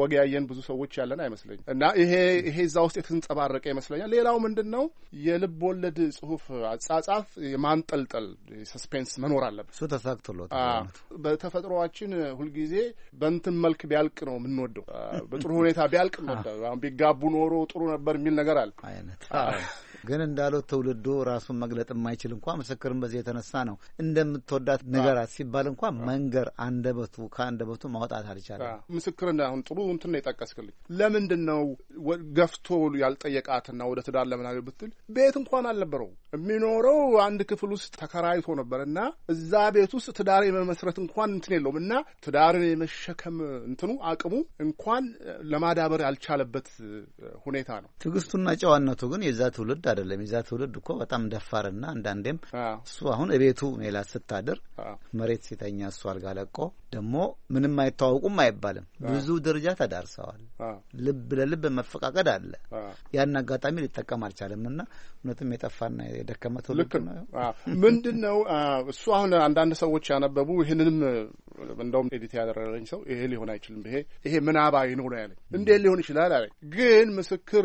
ወግ ያየን ብዙ ሰዎች ያለን አይመስለኝም። እና ይሄ ይሄ እዛ ውስጥ የተንጸባረቀ ይመስለኛል። ሌላው ምንድን ነው የልብ ወለድ ጽሁፍ አጻጻፍ የማንጠልጠል ሰስፔንስ መኖር አለበት። እሱ በተፈጥሮችን ሁልጊዜ በእንትን መልክ ቢያልቅ ነው የምንወደው። በጥሩ ሁኔታ ቢያልቅ ቢጋቡ ኖሮ ጥሩ ነበር የሚል ነገር አለ። ግን እንዳሉት ትውልዱ ራሱን መግለጥ የማይችል እንኳ ምስክርም በዚህ የተነሳ ነው እንደምትወዳት ነገራት ሲባል እንኳ መንገር አንደበቱ ከአንደበቱ ማውጣት አልቻለም። ምስክር አሁን ጥሩ እንትን ነው የጠቀስክልኝ። ለምንድን ነው ገፍቶ ያልጠየቃትና ወደ ትዳር ለምናል ብትል ቤት እንኳን አልነበረው የሚኖረው አንድ ክፍል ውስጥ ተከራይቶ ነበር እና እዛ ቤት ውስጥ ትዳር የመመስረት እንኳን እንትን የለውም እና ትዳርን የመሸከም እንትኑ አቅሙ እንኳን ለማዳበር ያልቻለበት ሁኔታ ነው። ትዕግስቱና ጨዋነቱ ግን የዛ ትውልድ ትውልድ አይደለም። የዛ ትውልድ እኮ በጣም ደፋርና አንዳንዴም እሱ አሁን እቤቱ ሌላ ስታድር መሬት ሲተኛ እሱ አልጋ ለቆ ደግሞ ምንም አይተዋውቁም አይባልም። ብዙ ደረጃ ተዳርሰዋል። ልብ ለልብ መፈቃቀድ አለ። ያን አጋጣሚ ሊጠቀም አልቻለም እና እውነትም የጠፋና የደከመ ትውልድ ነው። ምንድን ነው እሱ አሁን አንዳንድ ሰዎች ያነበቡ ይህንንም እንደውም ኤዲት ያደረገኝ ሰው ይሄ ሊሆን አይችልም፣ ይሄ ይሄ ምናባዊ ነው ነው ያለኝ። እንዴት ሊሆን ይችላል አለኝ። ግን ምስክር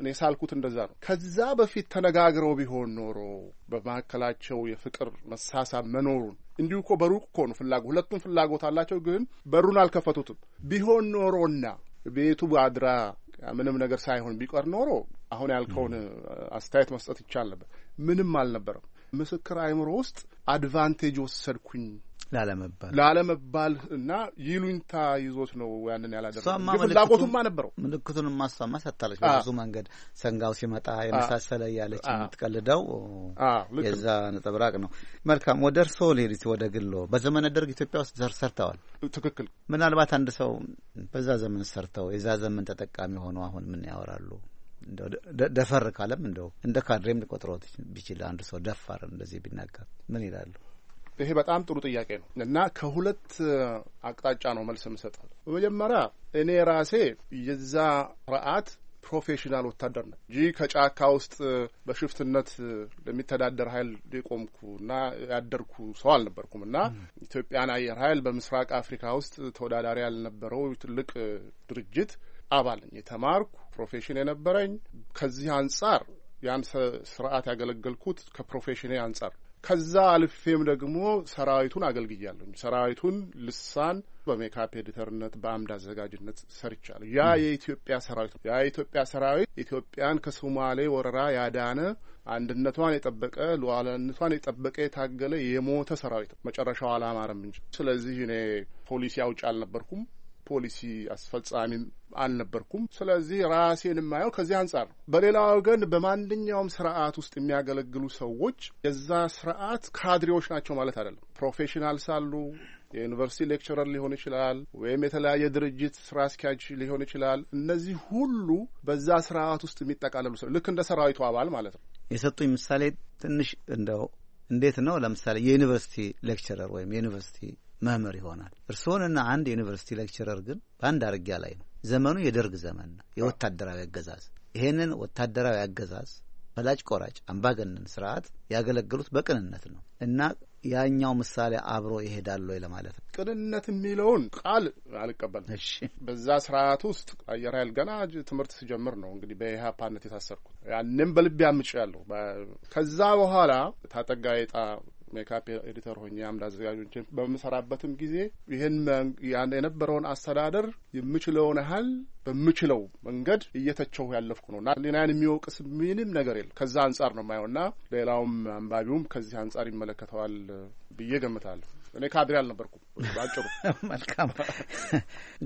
እኔ ሳልኩት እንደዛ ነው ከዛ በፊት ተነጋግረው ቢሆን ኖሮ በመካከላቸው የፍቅር መሳሳብ መኖሩን እንዲሁ እኮ በሩቅ እኮ ነው ፍላጎት ሁለቱም ፍላጎት አላቸው፣ ግን በሩን አልከፈቱትም። ቢሆን ኖሮና ቤቱ አድራ ምንም ነገር ሳይሆን ቢቀር ኖሮ አሁን ያልከውን አስተያየት መስጠት ይቻል ነበር። ምንም አልነበረም። ምስክር አእምሮ ውስጥ አድቫንቴጅ ወሰድኩኝ ላለመባል ላለመባል እና ይሉኝታ ይዞት ነው ያንን ያላደረገ ፍላጎቱማ ነበረው። ምልክቱን ማሰማ ሰጥታለች በብዙ መንገድ ሰንጋው ሲመጣ የመሳሰለ እያለች የምትቀልደው የዛ ነጠብራቅ ነው። መልካም ወደ እርስዎ ልሂድ። ወደ ግሎ በዘመነ ደርግ ኢትዮጵያ ውስጥ ዘር ሰርተዋል። ትክክል። ምናልባት አንድ ሰው በዛ ዘመን ሰርተው የዛ ዘመን ተጠቃሚ ሆነው አሁን ምን ያወራሉ? ደፈር ካለም እንደው እንደ ካድሬም ሊቆጥሮት ቢችል አንድ ሰው ደፋር እንደዚህ ቢናገር ምን ይላሉ? ይሄ በጣም ጥሩ ጥያቄ ነው እና ከሁለት አቅጣጫ ነው መልስ የምሰጠው። በመጀመሪያ እኔ ራሴ የዛ ስርዓት ፕሮፌሽናል ወታደር ነው እንጂ ከጫካ ውስጥ በሽፍትነት ለሚተዳደር ኃይል የቆምኩና ያደርኩ ሰው አልነበርኩም እና ኢትዮጵያን አየር ኃይል በምስራቅ አፍሪካ ውስጥ ተወዳዳሪ ያልነበረው ትልቅ ድርጅት አባል ነኝ። የተማርኩ ፕሮፌሽን የነበረኝ ከዚህ አንጻር ያን ስርዓት ያገለገልኩት ከፕሮፌሽኔ አንጻር ከዛ አልፌም ደግሞ ሰራዊቱን አገልግያለሁ። ሰራዊቱን ልሳን በሜካፕ ኤዲተርነት በአምድ አዘጋጅነት ሰርቻለሁ። ያ የኢትዮጵያ ሰራዊት ያ የኢትዮጵያ ሰራዊት ኢትዮጵያን ከሶማሌ ወረራ ያዳነ አንድነቷን የጠበቀ ሉዓላዊነቷን የጠበቀ የታገለ የሞተ ሰራዊት መጨረሻው አላማረም እንጂ። ስለዚህ እኔ ፖሊሲ አውጭ አልነበርኩም። ፖሊሲ አስፈጻሚ አልነበርኩም። ስለዚህ ራሴን የማየው ከዚህ አንጻር ነው። በሌላ ወገን በማንኛውም ስርዓት ውስጥ የሚያገለግሉ ሰዎች የዛ ስርዓት ካድሬዎች ናቸው ማለት አይደለም። ፕሮፌሽናል ሳሉ የዩኒቨርሲቲ ሌክቸረር ሊሆን ይችላል፣ ወይም የተለያየ ድርጅት ስራ አስኪያጅ ሊሆን ይችላል። እነዚህ ሁሉ በዛ ስርዓት ውስጥ የሚጠቃለሉ ሰው ልክ እንደ ሰራዊቱ አባል ማለት ነው። የሰጡኝ ምሳሌ ትንሽ እንደው እንዴት ነው ለምሳሌ የዩኒቨርሲቲ ሌክቸረር ወይም የዩኒቨርሲቲ መምህር ይሆናል። እርስዎንና አንድ ዩኒቨርሲቲ ሌክቸረር ግን በአንድ አርጊያ ላይ ነው። ዘመኑ የደርግ ዘመን ነው፣ የወታደራዊ አገዛዝ። ይሄንን ወታደራዊ አገዛዝ ፈላጭ ቆራጭ አምባገነን ስርዓት ያገለገሉት በቅንነት ነው እና ያኛው ምሳሌ አብሮ ይሄዳል ወይ ለማለት ነው። ቅንነት የሚለውን ቃል አልቀበልም። በዛ ስርዓት ውስጥ አየር ኃይል ገና ትምህርት ስጀምር ነው እንግዲህ በኢህአፓነት የታሰርኩት። ያንም በልቤ አምጭ ያለው ከዛ በኋላ ታጠጋ የጣ ሜካፕ ኤዲተር ሆኜ አምድ አዘጋጆችን በምሰራበትም ጊዜ ይህን የነበረውን አስተዳደር የምችለውን ያህል በምችለው መንገድ እየተቸው ያለፍኩ ነው እና ሊናን የሚወቅስ ምንም ነገር የለም። ከዛ አንጻር ነው ማየው ማየውና ሌላውም አንባቢውም ከዚህ አንጻር ይመለከተዋል ብዬ ገምታለሁ። እኔ ካድሬ አልነበርኩም። በአጭሩ (laughs) መልካም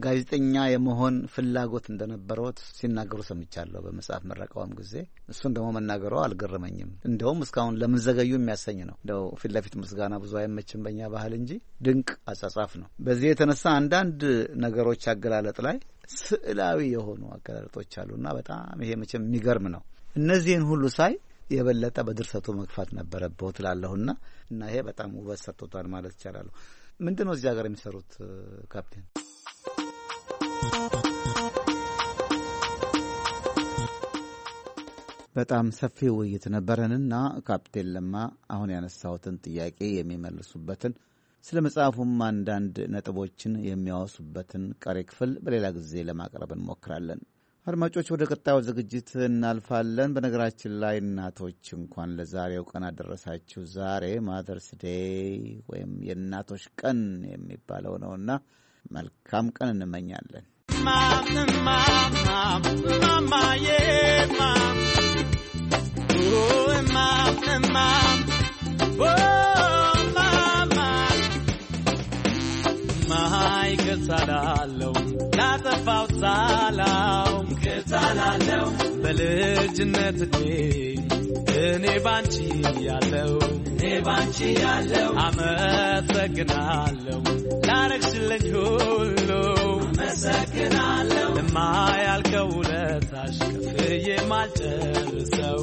ጋዜጠኛ የመሆን ፍላጎት እንደነበረዎት ሲናገሩ ሰምቻለሁ በመጽሐፍ መረቃውም ጊዜ። እሱን ደግሞ መናገረው አልገረመኝም። እንደውም እስካሁን ለምን ዘገዩ የሚያሰኝ ነው። እንደው ፊት ለፊት ምስጋና ብዙ አይመችም በእኛ ባህል እንጂ ድንቅ አጻጻፍ ነው። በዚህ የተነሳ አንዳንድ ነገሮች አገላለጥ ላይ ስዕላዊ የሆኑ አገላለጦች አሉና በጣም ይሄ መቼም የሚገርም ነው። እነዚህን ሁሉ ሳይ የበለጠ በድርሰቱ መግፋት ነበረብህ ትላለሁና እና ይሄ በጣም ውበት ሰጥቶታል ማለት ይቻላሉ። ምንድን ነው እዚህ ሀገር የሚሰሩት ካፕቴን? በጣም ሰፊ ውይይት ነበረንና ካፕቴን ለማ አሁን ያነሳሁትን ጥያቄ የሚመልሱበትን ስለ መጽሐፉም አንዳንድ ነጥቦችን የሚያወሱበትን ቀሪ ክፍል በሌላ ጊዜ ለማቅረብ እንሞክራለን። አድማጮች ወደ ቀጣዩ ዝግጅት እናልፋለን። በነገራችን ላይ እናቶች እንኳን ለዛሬው ቀን አደረሳችሁ። ዛሬ ማዘርስ ዴይ ወይም የእናቶች ቀን የሚባለው ነውና መልካም ቀን እንመኛለን። ማይ ላጠፋው ሳላው እታላለው በልጅነት እኔ ባንቺ ያለው እኔ ባንቺ ያለው አመሰግናለሁ ላረግሽልኝ ሁሉ አመሰግናለሁ ለማያልቀው ውለታሽ ከፍዬ ማልጨርሰው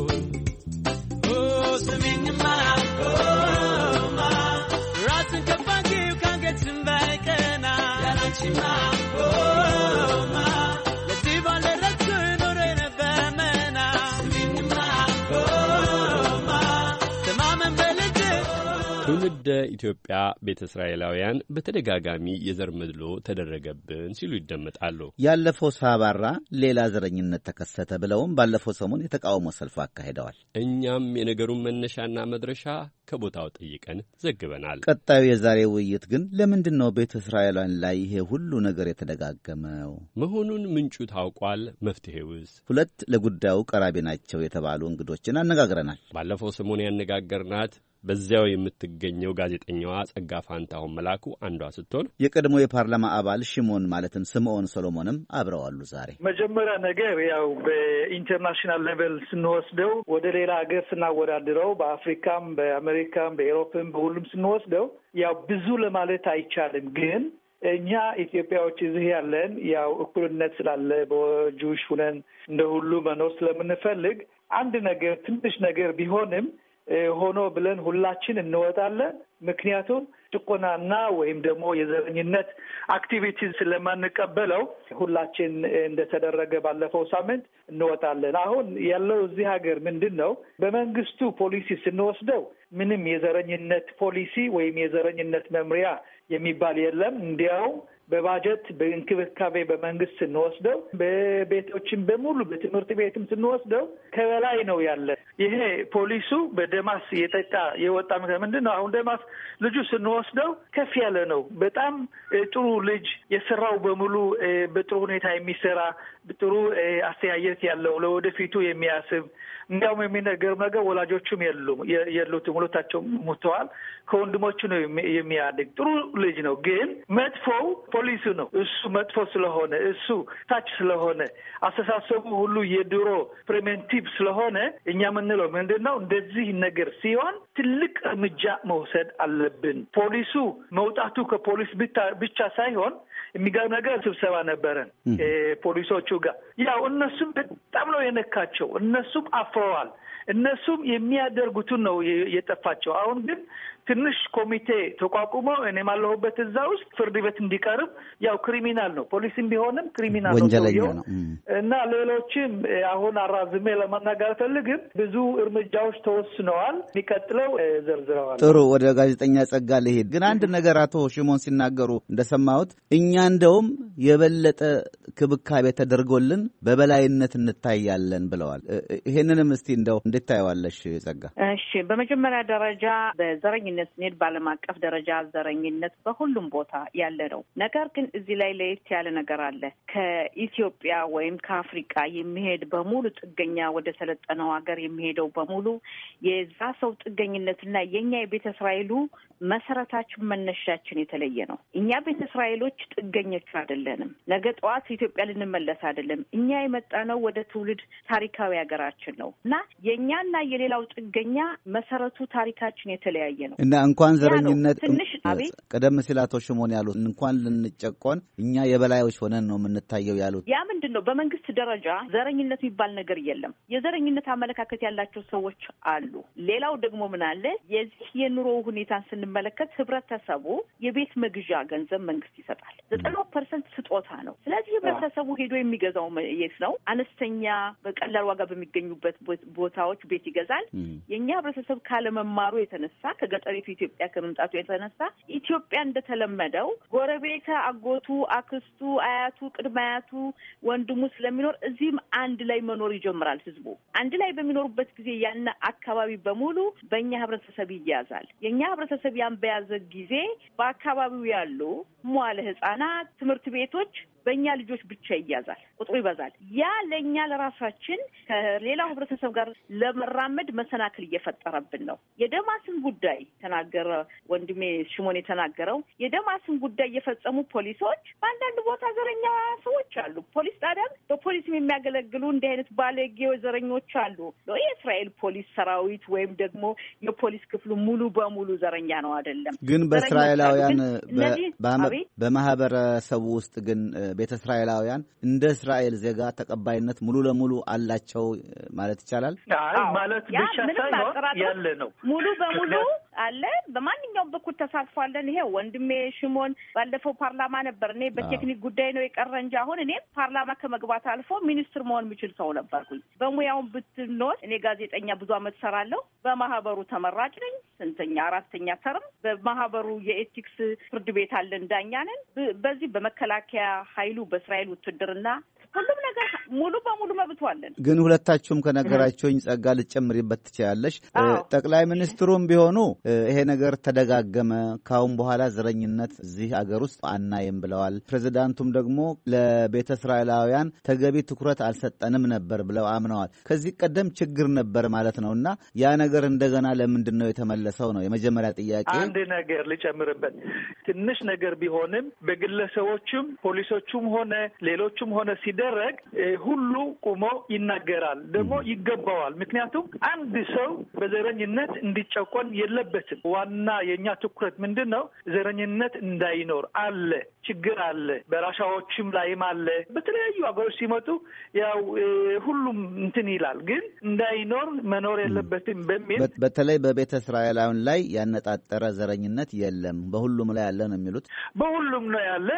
ትውልደ ኢትዮጵያ ቤተ እስራኤላውያን በተደጋጋሚ የዘር መድሎ ተደረገብን ሲሉ ይደመጣሉ። ያለፈው ሳባራ ሌላ ዘረኝነት ተከሰተ ብለውም ባለፈው ሰሞን የተቃውሞ ሰልፍ አካሂደዋል። እኛም የነገሩን መነሻና መድረሻ ከቦታው ጠይቀን ዘግበናል። ቀጣዩ የዛሬ ውይይት ግን ለምንድን ነው ቤተ እስራኤላውያን ላይ ይሄ ሁሉ ነገር የተደጋገመው መሆኑን ምንጩ ታውቋል። መፍትሄውስ? ሁለት ለጉዳዩ ቀራቢ ናቸው የተባሉ እንግዶችን አነጋግረናል። ባለፈው ሰሞን ያነጋገርናት በዚያው የምትገኘው ጋዜጠኛዋ ጸጋ ፋንታሁን መላኩ አንዷ ስትሆን የቀድሞ የፓርላማ አባል ሽሞን ማለትም ስምዖን ሰሎሞንም አብረዋሉ። ዛሬ መጀመሪያ ነገር ያው በኢንተርናሽናል ሌቨል ስንወስደው ወደ ሌላ ሀገር ስናወዳድረው በአፍሪካም፣ በአሜሪካም፣ በኤሮፕም በሁሉም ስንወስደው ያው ብዙ ለማለት አይቻልም ግን እኛ ኢትዮጵያዎች እዚህ ያለን ያው እኩልነት ስላለ በጁሽ ሁነን እንደ ሁሉ መኖር ስለምንፈልግ አንድ ነገር ትንሽ ነገር ቢሆንም ሆኖ ብለን ሁላችን እንወጣለን። ምክንያቱም ጭቆናና ወይም ደግሞ የዘረኝነት አክቲቪቲ ስለማንቀበለው ሁላችን እንደተደረገ ባለፈው ሳምንት እንወጣለን። አሁን ያለው እዚህ ሀገር ምንድን ነው? በመንግስቱ ፖሊሲ ስንወስደው ምንም የዘረኝነት ፖሊሲ ወይም የዘረኝነት መምሪያ የሚባል የለም። እንዲያውም በባጀት በእንክብካቤ በመንግስት ስንወስደው፣ በቤቶችም በሙሉ በትምህርት ቤትም ስንወስደው ከበላይ ነው ያለ። ይሄ ፖሊሱ በደማስ የጠቃ የወጣ ምንድን ነው አሁን ደማስ ልጁ ስንወስደው ከፍ ያለ ነው። በጣም ጥሩ ልጅ የስራው በሙሉ በጥሩ ሁኔታ የሚሰራ ጥሩ አስተያየት ያለው ለወደፊቱ የሚያስብ እንዲያውም የሚነገር ነገር ወላጆቹም የሉትም፣ ሁለታቸው ሙተዋል። ከወንድሞቹ ነው የሚያድግ ጥሩ ልጅ ነው። ግን መጥፎው ፖሊሱ ነው። እሱ መጥፎ ስለሆነ እሱ ታች ስለሆነ አስተሳሰቡ ሁሉ የድሮ ፕሪሜንቲቭ ስለሆነ እኛ የምንለው ምንድን ነው? እንደዚህ ነገር ሲሆን ትልቅ እርምጃ መውሰድ አለብን። ፖሊሱ መውጣቱ ከፖሊስ ብቻ ሳይሆን የሚገርም ነገር ስብሰባ ነበረን ፖሊሶቹ ጋር። ያው እነሱም በጣም ነው የነካቸው። እነሱም አፍረዋል። እነሱም የሚያደርጉትን ነው የጠፋቸው። አሁን ግን ትንሽ ኮሚቴ ተቋቁሞ እኔ ማለሁበት እዛ ውስጥ ፍርድ ቤት እንዲቀርብ ያው ክሪሚናል ነው ፖሊስም ቢሆንም ክሪሚናል ነው እና ሌሎችም አሁን አራዝሜ ለመናገር አልፈልግም። ብዙ እርምጃዎች ተወስነዋል። የሚቀጥለው ዘርዝረዋል። ጥሩ ወደ ጋዜጠኛ ጸጋ ልሄድ ግን አንድ ነገር አቶ ሽሞን ሲናገሩ እንደሰማሁት እኛ እንደውም የበለጠ ክብካቤ ተደርጎልን በበላይነት እንታያለን ብለዋል። ይሄንንም እስቲ እንደው እንድታየዋለሽ ጸጋ? እሺ በመጀመሪያ ደረጃ በዘረኛ ዘረኝነት ስንሄድ በዓለም አቀፍ ደረጃ ዘረኝነት በሁሉም ቦታ ያለ ነው። ነገር ግን እዚህ ላይ ለየት ያለ ነገር አለ። ከኢትዮጵያ ወይም ከአፍሪቃ የሚሄድ በሙሉ ጥገኛ ወደ ሰለጠነው ሀገር የሚሄደው በሙሉ የዛ ሰው ጥገኝነትና የእኛ የቤተ እስራኤሉ መሰረታችን መነሻችን የተለየ ነው። እኛ ቤተ እስራኤሎች ጥገኞች አይደለንም። ነገ ጠዋት ኢትዮጵያ ልንመለስ አይደለም። እኛ የመጣ ነው ወደ ትውልድ ታሪካዊ ሀገራችን ነው እና የእኛና የሌላው ጥገኛ መሰረቱ ታሪካችን የተለያየ ነው። እና እንኳን ዘረኝነት ቀደም ሲል አቶ ሽሞን ያሉት እንኳን ልንጨቆን እኛ የበላዮች ሆነን ነው የምንታየው ያሉት ያ ምንድን ነው? በመንግስት ደረጃ ዘረኝነት የሚባል ነገር የለም። የዘረኝነት አመለካከት ያላቸው ሰዎች አሉ። ሌላው ደግሞ ምን አለ? የዚህ የኑሮ ሁኔታን ስንመለከት ህብረተሰቡ የቤት መግዣ ገንዘብ መንግስት ይሰጣል። ዘጠና ፐርሰንት ስጦታ ነው። ስለዚህ ህብረተሰቡ ሄዶ የሚገዛው የት ነው? አነስተኛ በቀላል ዋጋ በሚገኙበት ቦታዎች ቤት ይገዛል። የእኛ ህብረተሰብ ካለመማሩ የተነሳ ከገጠ ከገጠሪቱ ኢትዮጵያ ከመምጣቱ የተነሳ ኢትዮጵያ እንደተለመደው ጎረቤት፣ አጎቱ፣ አክስቱ፣ አያቱ፣ ቅድመ አያቱ፣ ወንድሙ ስለሚኖር እዚህም አንድ ላይ መኖር ይጀምራል ህዝቡ። አንድ ላይ በሚኖሩበት ጊዜ ያን አካባቢ በሙሉ በእኛ ህብረተሰብ ይያዛል። የእኛ ህብረተሰብ ያን በያዘ ጊዜ በአካባቢው ያሉ ሟለ ህጻናት ትምህርት ቤቶች በእኛ ልጆች ብቻ ይያዛል፣ ቁጥሩ ይበዛል። ያ ለእኛ ለራሳችን ከሌላው ህብረተሰብ ጋር ለመራመድ መሰናክል እየፈጠረብን ነው። የደማስን ጉዳይ ተናገረ ወንድሜ ሽሞን የተናገረው የደማስን ጉዳይ የፈጸሙ ፖሊሶች በአንዳንድ ቦታ ዘረኛ ሰዎች አሉ። ፖሊስ ጣቢያም በፖሊስም የሚያገለግሉ እንዲህ አይነት ባለጌ ዘረኞች አሉ። የእስራኤል ፖሊስ ሰራዊት ወይም ደግሞ የፖሊስ ክፍሉ ሙሉ በሙሉ ዘረኛ ነው አይደለም። ግን በእስራኤላውያን በማህበረሰቡ ውስጥ ግን ቤተ እስራኤላውያን እንደ እስራኤል ዜጋ ተቀባይነት ሙሉ ለሙሉ አላቸው ማለት ይቻላል ማለት ብቻ ሳይሆን ያለ ነው ሙሉ በሙሉ አለ። በማንኛውም በኩል ተሳትፏለን። ይሄ ወንድሜ ሽሞን ባለፈው ፓርላማ ነበር። እኔ በቴክኒክ ጉዳይ ነው የቀረ እንጂ አሁን እኔም ፓርላማ ከመግባት አልፎ ሚኒስትር መሆን የምችል ሰው ነበርኩኝ። በሙያውን ብትኖር እኔ ጋዜጠኛ ብዙ አመት ሰራለሁ። በማህበሩ ተመራጭ ነኝ። ስንተኛ አራተኛ ተርም በማህበሩ የኤቲክስ ፍርድ ቤት አለን፣ ዳኛ ነን። በዚህ በመከላከያ ኃይሉ በእስራኤል ውትድርና ሁሉም ነገር ሙሉ በሙሉ መብቷለን። ግን ሁለታችሁም ከነገራችሁኝ ጸጋ ልጨምሪበት ትችላለሽ። ጠቅላይ ሚኒስትሩም ቢሆኑ ይሄ ነገር ተደጋገመ። ካሁን በኋላ ዘረኝነት እዚህ አገር ውስጥ አናይም ብለዋል። ፕሬዚዳንቱም ደግሞ ለቤተ እስራኤላውያን ተገቢ ትኩረት አልሰጠንም ነበር ብለው አምነዋል። ከዚህ ቀደም ችግር ነበር ማለት ነው እና ያ ነገር እንደገና ለምንድን ነው የተመለሰው ነው የመጀመሪያ ጥያቄ። አንድ ነገር ልጨምርበት። ትንሽ ነገር ቢሆንም በግለሰቦችም ፖሊሶቹም ሆነ ሌሎችም ሆነ ሲደረግ ሁሉ ቁሞ ይናገራል፣ ደግሞ ይገባዋል። ምክንያቱም አንድ ሰው በዘረኝነት እንዲጨቆን የለ የለበትም። ዋና የእኛ ትኩረት ምንድን ነው? ዘረኝነት እንዳይኖር አለ፣ ችግር አለ፣ በራሻዎችም ላይም አለ። በተለያዩ ሀገሮች ሲመጡ ያው ሁሉም እንትን ይላል፣ ግን እንዳይኖር መኖር የለበትም በሚል በተለይ በቤተ እስራኤላውያን ላይ ያነጣጠረ ዘረኝነት የለም፣ በሁሉም ላይ ያለ ነው የሚሉት። በሁሉም ነው ያለ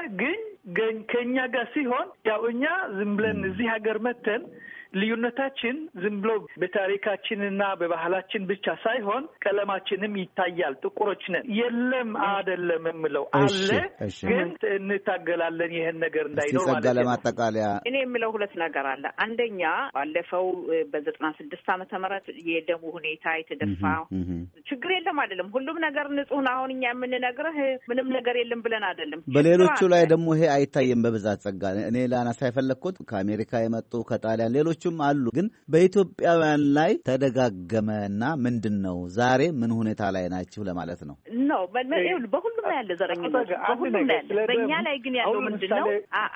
ግን ከእኛ ጋር ሲሆን ያው እኛ ዝም ብለን እዚህ ሀገር መተን ልዩነታችን ዝም ብሎ በታሪካችንና በባህላችን ብቻ ሳይሆን ቀለማችንም ይታያል። ጥቁሮች ነን። የለም አይደለም የምለው አለ፣ ግን እንታገላለን ይህን ነገር እንዳይኖር ማለት ነው። እኔ የምለው ሁለት ነገር አለ። አንደኛ ባለፈው በዘጠና ስድስት አመተ ምህረት የደሙ ሁኔታ የተደፋ ችግር የለም አይደለም። ሁሉም ነገር ንጹህ አሁን እኛ የምንነግርህ ምንም ነገር የለም ብለን አይደለም። በሌሎቹ ላይ ደግሞ ይሄ አይታየም በብዛት ጸጋ። እኔ ላነሳ የፈለግኩት ከአሜሪካ የመጡ ከጣሊያን ሌሎች ሌሎችም አሉ። ግን በኢትዮጵያውያን ላይ ተደጋገመ እና ምንድን ነው ዛሬ ምን ሁኔታ ላይ ናችሁ ለማለት ነው። በሁሉም ላይ ያለ ዘረኝነት በሁሉም ላይ ያለ በእኛ ላይ ግን ያለው ምንድን ነው?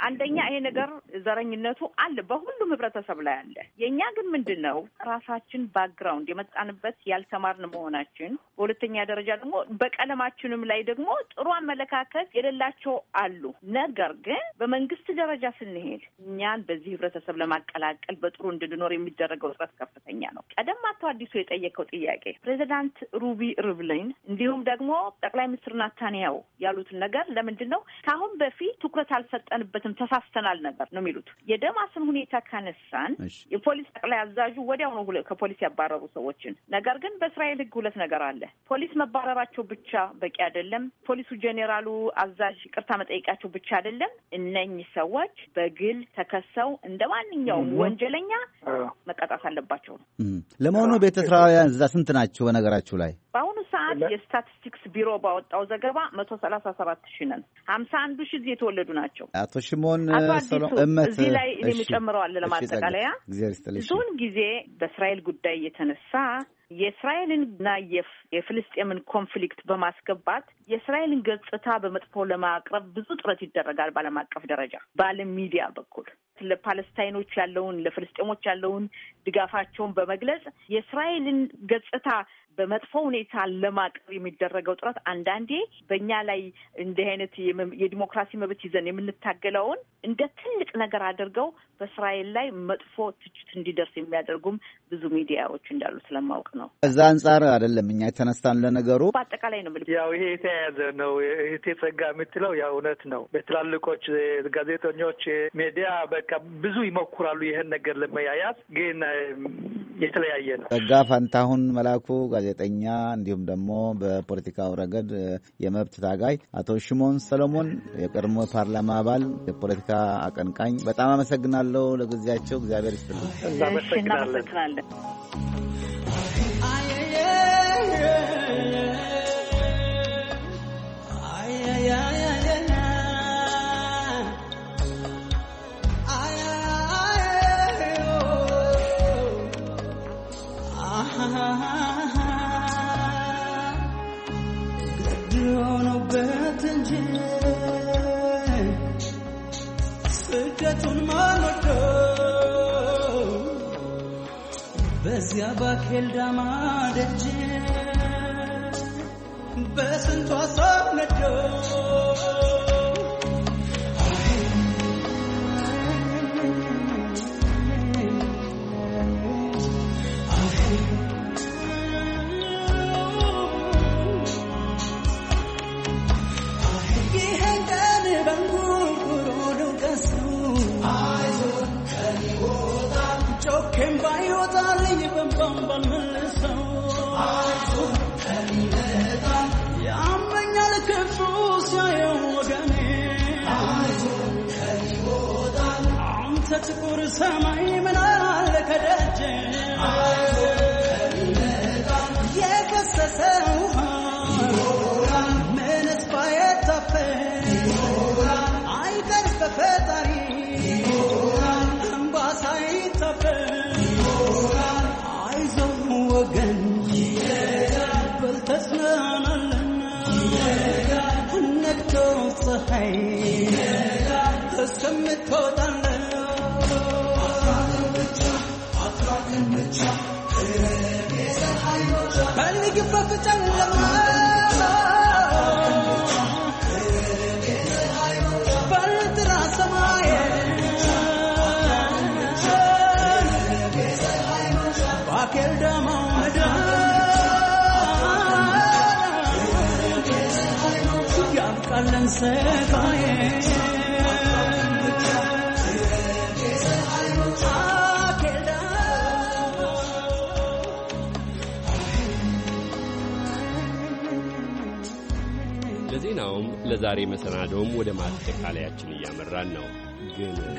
አንደኛ ይሄ ነገር ዘረኝነቱ አለ፣ በሁሉም ህብረተሰብ ላይ አለ። የእኛ ግን ምንድን ነው ራሳችን ባክግራውንድ የመጣንበት ያልተማርን መሆናችን፣ በሁለተኛ ደረጃ ደግሞ በቀለማችንም ላይ ደግሞ ጥሩ አመለካከት የሌላቸው አሉ። ነገር ግን በመንግስት ደረጃ ስንሄድ እኛን በዚህ ህብረተሰብ ለማቀላቀል በጥሩ እንድንኖር የሚደረገው ጥረት ከፍተኛ ነው። ቀደም አቶ አዲሱ የጠየቀው ጥያቄ ፕሬዚዳንት ሩቢ ሪቭሊን እንዲሁም ደግሞ ጠቅላይ ሚኒስትር ናታንያው ያሉትን ነገር ለምንድን ነው ከአሁን በፊት ትኩረት አልሰጠንበትም ተሳስተናል ነገር ነው የሚሉት። የደማስን ሁኔታ ካነሳን የፖሊስ ጠቅላይ አዛዡ ወዲያው ነው ከፖሊስ ያባረሩ ሰዎችን። ነገር ግን በእስራኤል ህግ ሁለት ነገር አለ። ፖሊስ መባረራቸው ብቻ በቂ አይደለም። ፖሊሱ ጄኔራሉ አዛዥ ቅርታ መጠየቃቸው ብቻ አይደለም። እነኚህ ሰዎች በግል ተከሰው እንደ ማንኛውም ወንጀለኛ ወንጀለኛ መቀጣት አለባቸው ነው። ለመሆኑ ቤተ እስራኤላውያን እዛ ስንት ናቸው? በነገራችሁ ላይ በአሁኑ ሰዓት የስታቲስቲክስ ቢሮ ባወጣው ዘገባ መቶ ሰላሳ ሰባት ሺ ነን። ሀምሳ አንዱ ሺ እዚህ የተወለዱ ናቸው። አቶ ሽሞን እዚህ ላይ የሚጨምረዋል ለማጠቃለያ ብዙውን ጊዜ በእስራኤል ጉዳይ የተነሳ የእስራኤልንና የፍልስጤምን ኮንፍሊክት በማስገባት የእስራኤልን ገጽታ በመጥፎ ለማቅረብ ብዙ ጥረት ይደረጋል በዓለም አቀፍ ደረጃ በዓለም ሚዲያ በኩል ለፓለስታይኖች ያለውን ለፍልስጤሞች ያለውን ድጋፋቸውን በመግለጽ የእስራኤልን ገጽታ በመጥፎ ሁኔታ ለማቅረብ የሚደረገው ጥረት አንዳንዴ በእኛ ላይ እንዲህ አይነት የዲሞክራሲ መብት ይዘን የምንታገለውን እንደ ትልቅ ነገር አድርገው በእስራኤል ላይ መጥፎ ትችት እንዲደርስ የሚያደርጉም ብዙ ሚዲያዎች እንዳሉ ስለማውቅ ነው። እዛ አንጻር አይደለም እኛ የተነሳን ለነገሩ በአጠቃላይ ነው። ያው ይሄ የተያያዘ ነው። እህቴ ጸጋ የምትለው ያው እውነት ነው። በትላልቆች ጋዜጠኞች ሜዲያ በቃ ብዙ ይሞክራሉ ይህን ነገር ለመያያዝ፣ ግን የተለያየ ነው። ጸጋ ፋንታሁን መላኩ ጋዜጠኛ እንዲሁም ደግሞ በፖለቲካው ረገድ የመብት ታጋይ አቶ ሽሞን ሰለሞን የቀድሞ ፓርላማ አባል የፖለቲካ አቀንቃኝ፣ በጣም አመሰግናለሁ ለጊዜያቸው። እግዚአብሔር ይስጥልኝ። እናመሰግናለን። Yeah, yeah, yeah. ኖርበት ስደቱን ማንወደው በዚያ ባኬልዳማ ደጅ በስንቷ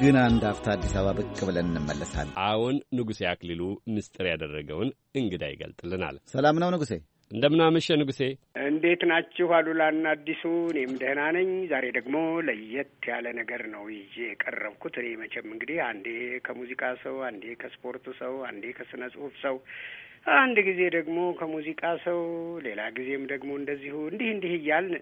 ግን አንድ አፍታ አዲስ አበባ ብቅ ብለን እንመለሳለን። አሁን ንጉሴ አክሊሉ ምስጢር ያደረገውን እንግዳ ይገልጥልናል። ሰላም ነው ንጉሴ? እንደምናመሸ ንጉሴ። እንዴት ናችሁ አሉላና አዲሱ? እኔም ደህና ነኝ። ዛሬ ደግሞ ለየት ያለ ነገር ነው ይዤ የቀረብኩት። እኔ መቼም እንግዲህ አንዴ ከሙዚቃ ሰው፣ አንዴ ከስፖርት ሰው፣ አንዴ ከስነ ጽሁፍ ሰው፣ አንድ ጊዜ ደግሞ ከሙዚቃ ሰው፣ ሌላ ጊዜም ደግሞ እንደዚሁ እንዲህ እንዲህ እያልን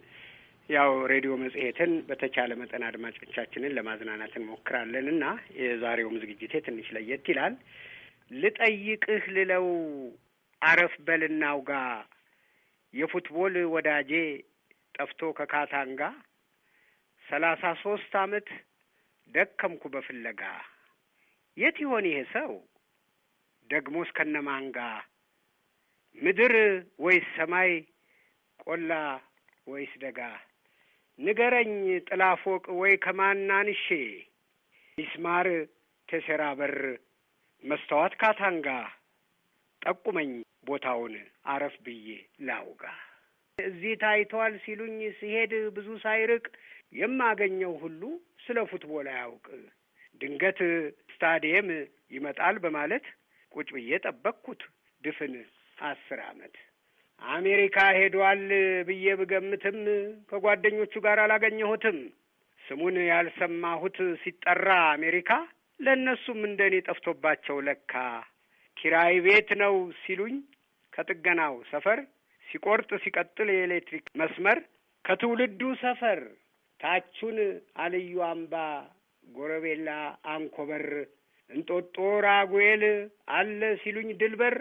ያው ሬዲዮ መጽሔትን በተቻለ መጠን አድማጮቻችንን ለማዝናናት እንሞክራለን እና የዛሬውም ዝግጅቴ ትንሽ ለየት ይላል። ልጠይቅህ ልለው አረፍ በልናው ጋ የፉትቦል ወዳጄ ጠፍቶ ከካታንጋ ሰላሳ ሶስት አመት ደከምኩ በፍለጋ የት ይሆን ይሄ ሰው ደግሞ እስከነማንጋ ምድር ወይስ ሰማይ ቆላ ወይስ ደጋ ንገረኝ ጥላፎቅ ወይ ከማናንሼ ሚስማር ቴሴራ በር መስተዋት ካታንጋ ጠቁመኝ ቦታውን አረፍ ብዬ ላውጋ። እዚህ ታይቷል ሲሉኝ ሲሄድ ብዙ ሳይርቅ የማገኘው ሁሉ ስለ ፉትቦል አያውቅ። ድንገት ስታዲየም ይመጣል በማለት ቁጭ ብዬ ጠበቅኩት ድፍን አስር አመት አሜሪካ ሄዷል ብዬ ብገምትም ከጓደኞቹ ጋር አላገኘሁትም። ስሙን ያልሰማሁት ሲጠራ አሜሪካ ለእነሱም እንደ እኔ ጠፍቶባቸው ለካ ኪራይ ቤት ነው ሲሉኝ ከጥገናው ሰፈር ሲቆርጥ ሲቀጥል የኤሌክትሪክ መስመር ከትውልዱ ሰፈር ታቹን አልዩ አምባ ጎረቤላ አንኮበር እንጦጦ ራጉኤል አለ ሲሉኝ ድልበር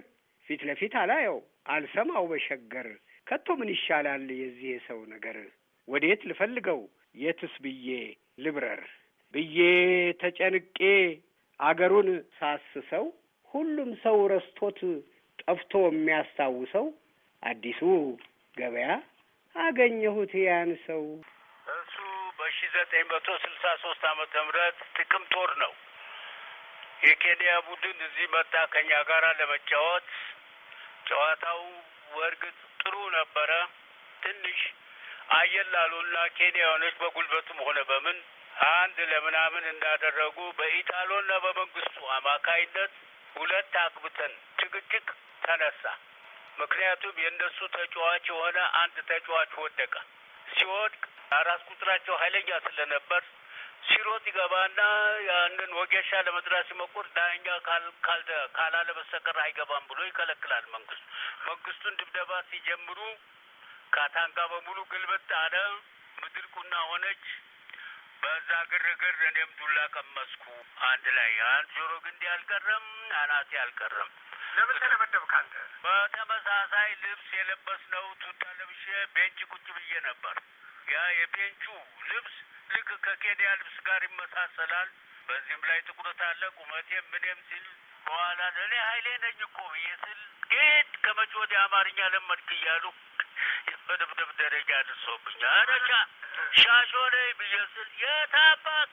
ፊት ለፊት አላየው አልሰማው በሸገር ከቶ ምን ይሻላል የዚህ የሰው ነገር ወዴት ልፈልገው የትስ ብዬ ልብረር ብዬ ተጨንቄ አገሩን ሳስሰው ሁሉም ሰው ረስቶት ጠፍቶ የሚያስታውሰው አዲሱ ገበያ አገኘሁት ያን ሰው። እሱ በሺ ዘጠኝ መቶ ስልሳ ሶስት አመተ ምህረት ጥቅምት ወር ነው የኬንያ ቡድን እዚህ መጣ ከኛ ጋራ ለመጫወት ጨዋታው በእርግጥ ጥሩ ነበረ። ትንሽ አየር ላሉና ኬንያኖች በጉልበቱም ሆነ በምን አንድ ለምናምን እንዳደረጉ በኢታሎና በመንግስቱ አማካይነት ሁለት አግብተን ጭቅጭቅ ተነሳ። ምክንያቱም የእነሱ ተጫዋች የሆነ አንድ ተጫዋች ወደቀ። ሲወድቅ አራት ቁጥራቸው ኃይለኛ ስለነበር ሲሮጥ ይገባና ያንን ወጌሻ ለመጥራት ሲሞክር ዳኛ ካላለ በስተቀር አይገባም ብሎ ይከለክላል መንግስቱ። መንግስቱን ድብደባ ሲጀምሩ ካታንጋ በሙሉ ግልበት አለ። ምድር ቁና ሆነች። በዛ ግርግር እኔም ዱላ ቀመስኩ አንድ ላይ አንድ ጆሮ ግንድ ያልቀረም አናቴ አልቀረም። ለምን ተደበደብክ አንተ? በተመሳሳይ ልብስ የለበስነው ቱታ ለብሼ ቤንች ቁጭ ብዬ ነበር። ያ የቤንቹ ልብስ ልክ ከኬንያ ልብስ ጋር ይመሳሰላል። በዚህም ላይ ትኩረት አለ። ቁመቴም ምንም ሲል በኋላ ለእኔ ኃይሌ ነኝ እኮ ብዬ ስል ጌት ከመቼ ወዲህ አማርኛ ለመድክ እያሉ በድብድብ ደረጃ አድርሶብኝ አረሻ ሻሾ ነይ ብዬ ስል የታባክ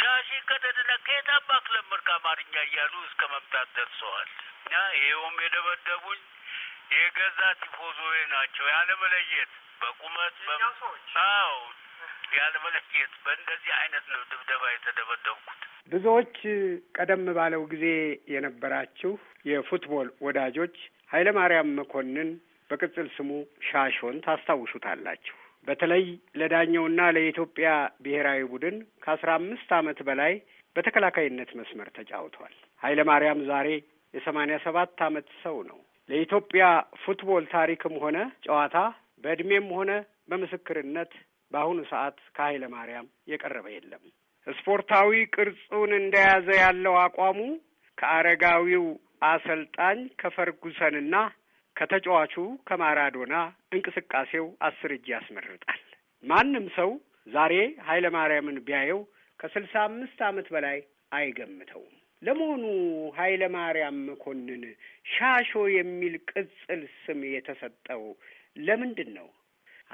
ሻሺ ከደድነ ከየታባክ ለመድክ አማርኛ እያሉ እስከ መምታት ደርሰዋል። እና ይኸውም የደበደቡኝ የገዛ ቲፎዞዬ ናቸው ያለመለየት በቁመት ሰዎች አዎ ያልመለየት በእንደዚህ አይነት ነው ድብደባ የተደበደብኩት። ብዙዎች ቀደም ባለው ጊዜ የነበራችሁ የፉትቦል ወዳጆች ኃይለ ማርያም መኮንን በቅጽል ስሙ ሻሾን ታስታውሱታላችሁ። በተለይ ለዳኘውና ለኢትዮጵያ ብሔራዊ ቡድን ከአስራ አምስት ዓመት በላይ በተከላካይነት መስመር ተጫውቷል። ኃይለ ማርያም ዛሬ የሰማንያ ሰባት ዓመት ሰው ነው። ለኢትዮጵያ ፉትቦል ታሪክም ሆነ ጨዋታ በዕድሜም ሆነ በምስክርነት በአሁኑ ሰዓት ከኃይለ ማርያም የቀረበ የለም። ስፖርታዊ ቅርጹን እንደያዘ ያለው አቋሙ ከአረጋዊው አሰልጣኝ ከፈርጉሰንና ከተጫዋቹ ከማራዶና እንቅስቃሴው አስር እጅ ያስመርጣል። ማንም ሰው ዛሬ ኃይለ ማርያምን ቢያየው ከስልሳ አምስት ዓመት በላይ አይገምተውም። ለመሆኑ ኃይለ ማርያም መኮንን ሻሾ የሚል ቅጽል ስም የተሰጠው ለምንድን ነው?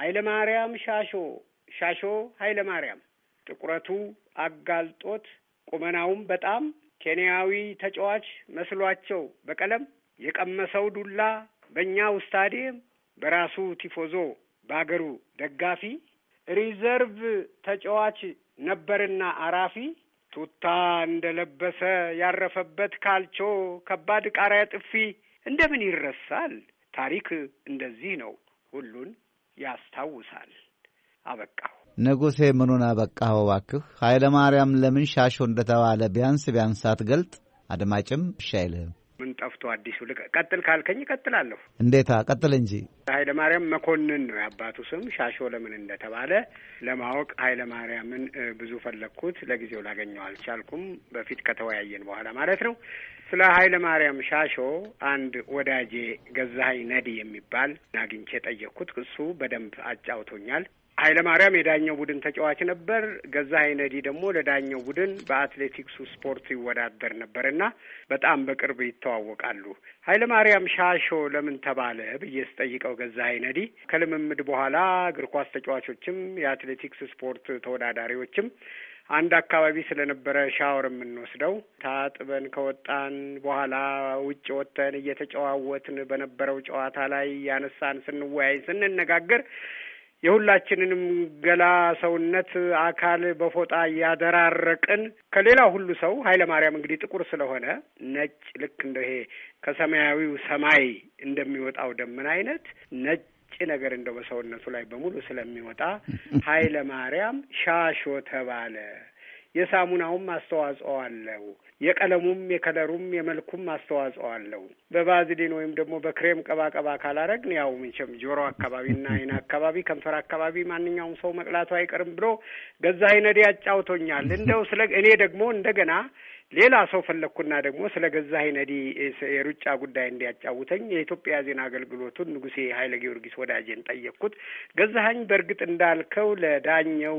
ኃይለ ማርያም ሻሾ ሻሾ ኃይለ ማርያም ጥቁረቱ አጋልጦት ቁመናውም በጣም ኬንያዊ ተጫዋች መስሏቸው በቀለም የቀመሰው ዱላ በእኛው ስታዲየም በራሱ ቲፎዞ በአገሩ ደጋፊ ሪዘርቭ ተጫዋች ነበርና አራፊ ቱታ እንደለበሰ ያረፈበት ካልቾ ከባድ ቃሪያ ጥፊ እንደምን ይረሳል? ታሪክ እንደዚህ ነው ሁሉን ያስታውሳል። አበቃሁ። ንጉሴ ምኑን አበቃ እባክህ። ኃይለ ማርያም ለምን ሻሾ እንደተባለ ቢያንስ ቢያንስ አትገልጥ። አድማጭም እሺ አይልህም። ምን ጠፍቶ አዲሱ ቀጥል ካልከኝ ቀጥላለሁ። እንዴታ ቀጥል እንጂ። ኃይለ ማርያም መኮንን ነው የአባቱ ስም። ሻሾ ለምን እንደተባለ ለማወቅ ኃይለ ማርያምን ብዙ ፈለግኩት። ለጊዜው ላገኘው አልቻልኩም። በፊት ከተወያየን በኋላ ማለት ነው። ስለ ኃይለ ማርያም ሻሾ አንድ ወዳጄ ገዛሀኝ ነዲ የሚባል አግኝቼ ጠየቅኩት። እሱ በደንብ አጫውቶኛል። ኃይለማርያም የዳኘው ቡድን ተጫዋች ነበር። ገዛ ሀይነዲ ደግሞ ለዳኘው ቡድን በአትሌቲክሱ ስፖርት ይወዳደር ነበር እና በጣም በቅርብ ይተዋወቃሉ። ኃይለማርያም ሻሾ ለምን ተባለ ብዬ ስጠይቀው ገዛ ሀይነዲ ከልምምድ በኋላ እግር ኳስ ተጫዋቾችም የአትሌቲክስ ስፖርት ተወዳዳሪዎችም አንድ አካባቢ ስለነበረ ሻወር የምንወስደው ታጥበን ከወጣን በኋላ ውጭ ወጥተን እየተጨዋወትን በነበረው ጨዋታ ላይ ያነሳን ስንወያይ ስንነጋገር የሁላችንንም ገላ፣ ሰውነት፣ አካል በፎጣ እያደራረቅን ከሌላ ሁሉ ሰው ኃይለ ማርያም እንግዲህ ጥቁር ስለሆነ ነጭ ልክ እንደ ይሄ ከሰማያዊው ሰማይ እንደሚወጣው ደመና አይነት ነጭ ነገር እንደው በሰውነቱ ላይ በሙሉ ስለሚወጣ (laughs) ኃይለ ማርያም ሻሾ ተባለ የሳሙናውም አስተዋጽኦ አለው። የቀለሙም የከለሩም የመልኩም አስተዋጽኦ አለው። በባዝሊን ወይም ደግሞ በክሬም ቀባቀባ ካላረግን ያው ምንቸም ጆሮ አካባቢና አይን አካባቢ ከንፈር አካባቢ ማንኛውም ሰው መቅላቱ አይቀርም ብሎ ገዛ አይነዴ ያጫውቶኛል። እንደው ስለ እኔ ደግሞ እንደገና ሌላ ሰው ፈለግኩና ደግሞ ስለ ገዛኸኝ ነዲ የሩጫ ጉዳይ እንዲያጫውተኝ የኢትዮጵያ ዜና አገልግሎቱን ንጉሴ ኃይለ ጊዮርጊስ ወዳጄን ጠየቅኩት። ገዛኸኝ በእርግጥ እንዳልከው ለዳኘው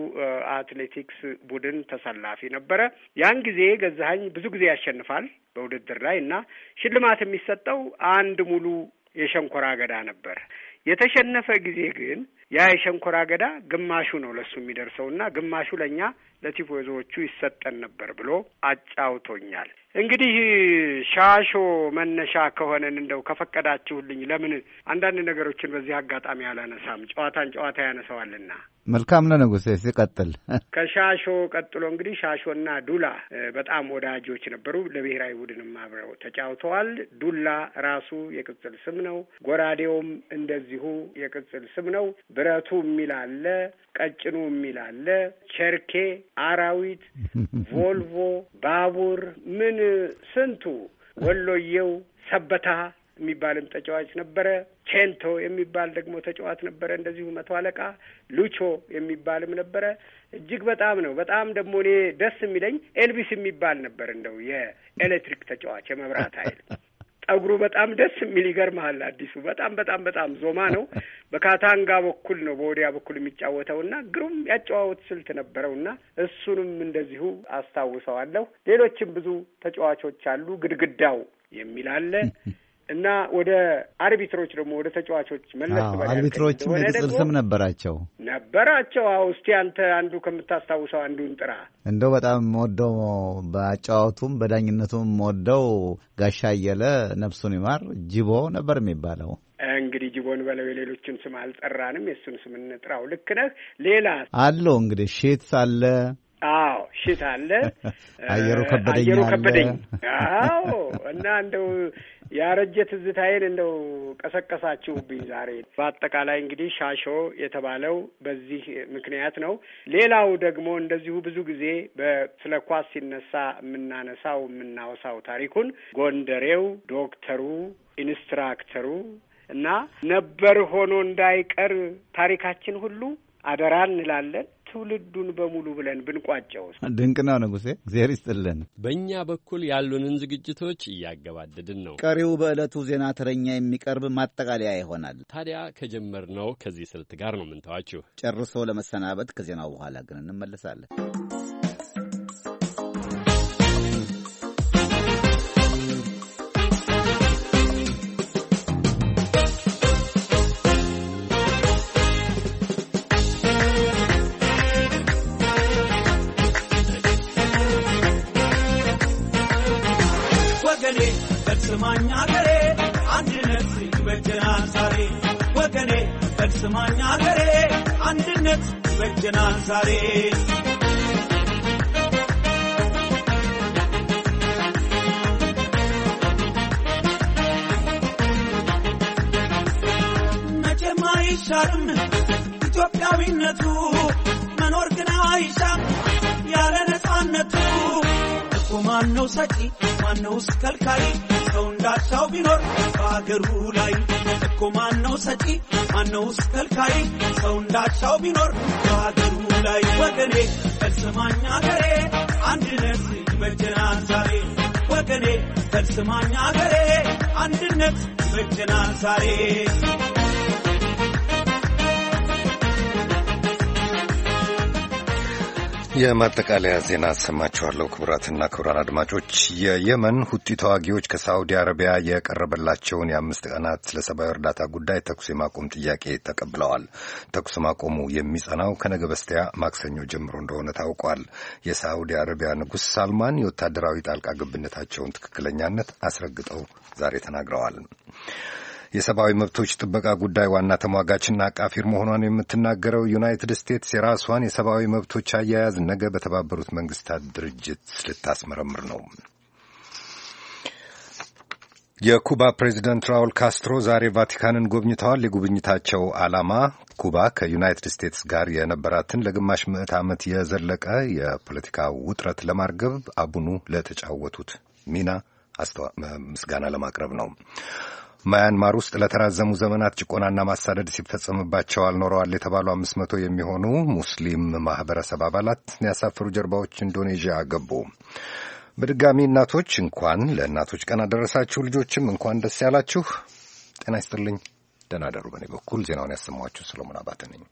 አትሌቲክስ ቡድን ተሰላፊ ነበረ። ያን ጊዜ ገዛኸኝ ብዙ ጊዜ ያሸንፋል በውድድር ላይ እና ሽልማት የሚሰጠው አንድ ሙሉ የሸንኮራ አገዳ ነበር። የተሸነፈ ጊዜ ግን ያ የሸንኮራ አገዳ ግማሹ ነው ለሱ የሚደርሰውና ግማሹ ለእኛ ለቲፎዞዎቹ ይሰጠን ነበር ብሎ አጫውቶኛል። እንግዲህ ሻሾ መነሻ ከሆነን እንደው ከፈቀዳችሁልኝ ለምን አንዳንድ ነገሮችን በዚህ አጋጣሚ አላነሳም? ጨዋታን ጨዋታ ያነሳዋልና። መልካም ነው ንጉሴ፣ ሲቀጥል (laughs) ከሻሾ ቀጥሎ እንግዲህ ሻሾና ዱላ በጣም ወዳጆች ነበሩ። ለብሔራዊ ቡድንም አብረው ተጫውተዋል። ዱላ ራሱ የቅጽል ስም ነው። ጎራዴውም እንደዚሁ የቅጽል ስም ነው። ብረቱ የሚል አለ፣ ቀጭኑ የሚል አለ፣ ቸርኬ፣ አራዊት፣ (laughs) ቮልቮ፣ ባቡር ምን ስንቱ ወሎየው ሰበታ የሚባልም ተጫዋች ነበረ። ቼንቶ የሚባል ደግሞ ተጫዋች ነበረ። እንደዚሁ መቶ አለቃ ሉቾ የሚባልም ነበረ። እጅግ በጣም ነው። በጣም ደግሞ እኔ ደስ የሚለኝ ኤልቢስ የሚባል ነበር። እንደው የኤሌክትሪክ ተጫዋች የመብራት ኃይል ጸጉሩ በጣም ደስ የሚል ይገርመሃል። አዲሱ በጣም በጣም በጣም ዞማ ነው። (laughs) በካታንጋ በኩል ነው በወዲያ በኩል የሚጫወተው እና ግሩም ያጨዋወት ስልት ነበረው እና እሱንም እንደዚሁ አስታውሰዋለሁ። ሌሎችም ብዙ ተጫዋቾች አሉ። ግድግዳው የሚል አለ (laughs) እና ወደ አርቢትሮች ደግሞ ወደ ተጫዋቾች መለስ አርቢትሮች የቅጽል ስም ነበራቸው ነበራቸው። አዎ እስቲ አንተ አንዱ ከምታስታውሰው አንዱን ጥራ። እንደው በጣም ወደው በአጫዋቱም በዳኝነቱም ወደው ጋሻ አየለ ነፍሱን ይማር ጅቦ ነበር የሚባለው። እንግዲህ ጅቦን በለው የሌሎችን ስም አልጠራንም፣ የእሱን ስም እንጥራው። ልክ ነህ። ሌላ አለው እንግዲህ ሼትስ አለ አዎ ሽት አለ። (laughs) አየሩ ከበደኝ አየሩ ከበደኝ። አዎ እና እንደው ያረጀ ትዝታዬን እንደው ቀሰቀሳችሁብኝ ዛሬ። በአጠቃላይ እንግዲህ ሻሾ የተባለው በዚህ ምክንያት ነው። ሌላው ደግሞ እንደዚሁ ብዙ ጊዜ ስለ ኳስ ሲነሳ የምናነሳው የምናወሳው ታሪኩን ጎንደሬው፣ ዶክተሩ፣ ኢንስትራክተሩ እና ነበር ሆኖ እንዳይቀር ታሪካችን ሁሉ አደራ እንላለን። ትውልዱን በሙሉ ብለን ብንቋጨው ድንቅ ነው ንጉሴ፣ እግዚአብሔር ይስጥልን። በእኛ በኩል ያሉንን ዝግጅቶች እያገባደድን ነው። ቀሪው በዕለቱ ዜና ተረኛ የሚቀርብ ማጠቃለያ ይሆናል። ታዲያ ከጀመርነው ከዚህ ስልት ጋር ነው ምንተዋችሁ። ጨርሶ ለመሰናበት ከዜናው በኋላ ግን እንመለሳለን። በስማኝ አገሬ አንድነት ይበጀናል ዛሬ ወገኔ በስማኝ አገሬ አንድነት ይበጀናል ዛሬ መቼም አይሻርም ኢትዮጵያዊነቱ መኖር ግን አይሻም ያለ ነፃነቱ እኮ ማነው ሰጪ ማነውስ ከልካይ ጥላቻው ቢኖር በአገሩ ላይ እኮ ማነው ሰጪ ማነው ውስጥ ከልካይ ሰው እንዳቻው ቢኖር በአገሩ ላይ ወገኔ እልስማኛ ገሬ አንድነት ይበጀናል ዛሬ ወገኔ እልስማኛ ገሬ አንድነት ይበጀናል ዛሬ የማጠቃለያ ዜና አሰማችኋለሁ። ክቡራትና ክቡራን አድማጮች የየመን ሁጢ ተዋጊዎች ከሳዑዲ አረቢያ የቀረበላቸውን የአምስት ቀናት ለሰብአዊ እርዳታ ጉዳይ ተኩስ የማቆም ጥያቄ ተቀብለዋል። ተኩስ ማቆሙ የሚጸናው ከነገ በስቲያ ማክሰኞ ጀምሮ እንደሆነ ታውቋል። የሳዑዲ አረቢያ ንጉሥ ሳልማን የወታደራዊ ጣልቃ ገብነታቸውን ትክክለኛነት አስረግጠው ዛሬ ተናግረዋል። የሰብአዊ መብቶች ጥበቃ ጉዳይ ዋና ተሟጋችና አቃፊር መሆኗን የምትናገረው ዩናይትድ ስቴትስ የራሷን የሰብአዊ መብቶች አያያዝ ነገ በተባበሩት መንግስታት ድርጅት ልታስመረምር ነው። የኩባ ፕሬዚደንት ራውል ካስትሮ ዛሬ ቫቲካንን ጎብኝተዋል። የጉብኝታቸው ዓላማ ኩባ ከዩናይትድ ስቴትስ ጋር የነበራትን ለግማሽ ምዕት ዓመት የዘለቀ የፖለቲካ ውጥረት ለማርገብ አቡኑ ለተጫወቱት ሚና ምስጋና ለማቅረብ ነው። ማያንማር ውስጥ ለተራዘሙ ዘመናት ጭቆናና ማሳደድ ሲፈጸምባቸው አልኖረዋል የተባሉ አምስት መቶ የሚሆኑ ሙስሊም ማህበረሰብ አባላት ያሳፈሩ ጀልባዎች ኢንዶኔዥያ ገቡ። በድጋሚ እናቶች እንኳን ለእናቶች ቀን አደረሳችሁ። ልጆችም እንኳን ደስ ያላችሁ። ጤና ይስጥልኝ። ደህና ደሩ። በእኔ በኩል ዜናውን ያሰማኋችሁ ሰለሞን አባተ ነኝ።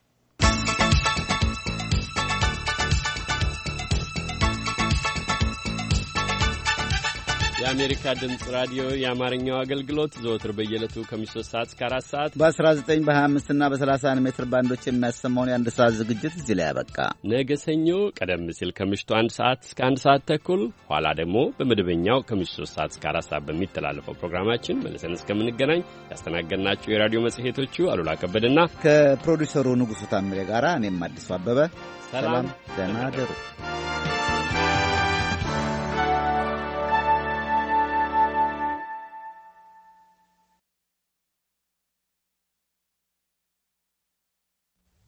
የአሜሪካ ድምፅ ራዲዮ የአማርኛው አገልግሎት ዘወትር በየዕለቱ ከምሽቱ 3 ሰዓት እስከ 4 ሰዓት በ19 በ25 እና በ31 ሜትር ባንዶች የሚያሰማውን የአንድ ሰዓት ዝግጅት እዚህ ላይ ያበቃ። ነገ ሰኞ ቀደም ሲል ከምሽቱ አንድ ሰዓት እስከ አንድ ሰዓት ተኩል ኋላ ደግሞ በመደበኛው ከምሽቱ 3 ሰዓት እስከ 4 ሰዓት በሚተላለፈው ፕሮግራማችን መልሰን እስከምንገናኝ ያስተናገድናቸው የራዲዮ መጽሔቶቹ አሉላ ከበደና ከፕሮዲውሰሩ ንጉሡ ታምሬ ጋራ እኔም አዲሱ አበበ ሰላም፣ ደህና ደሩ።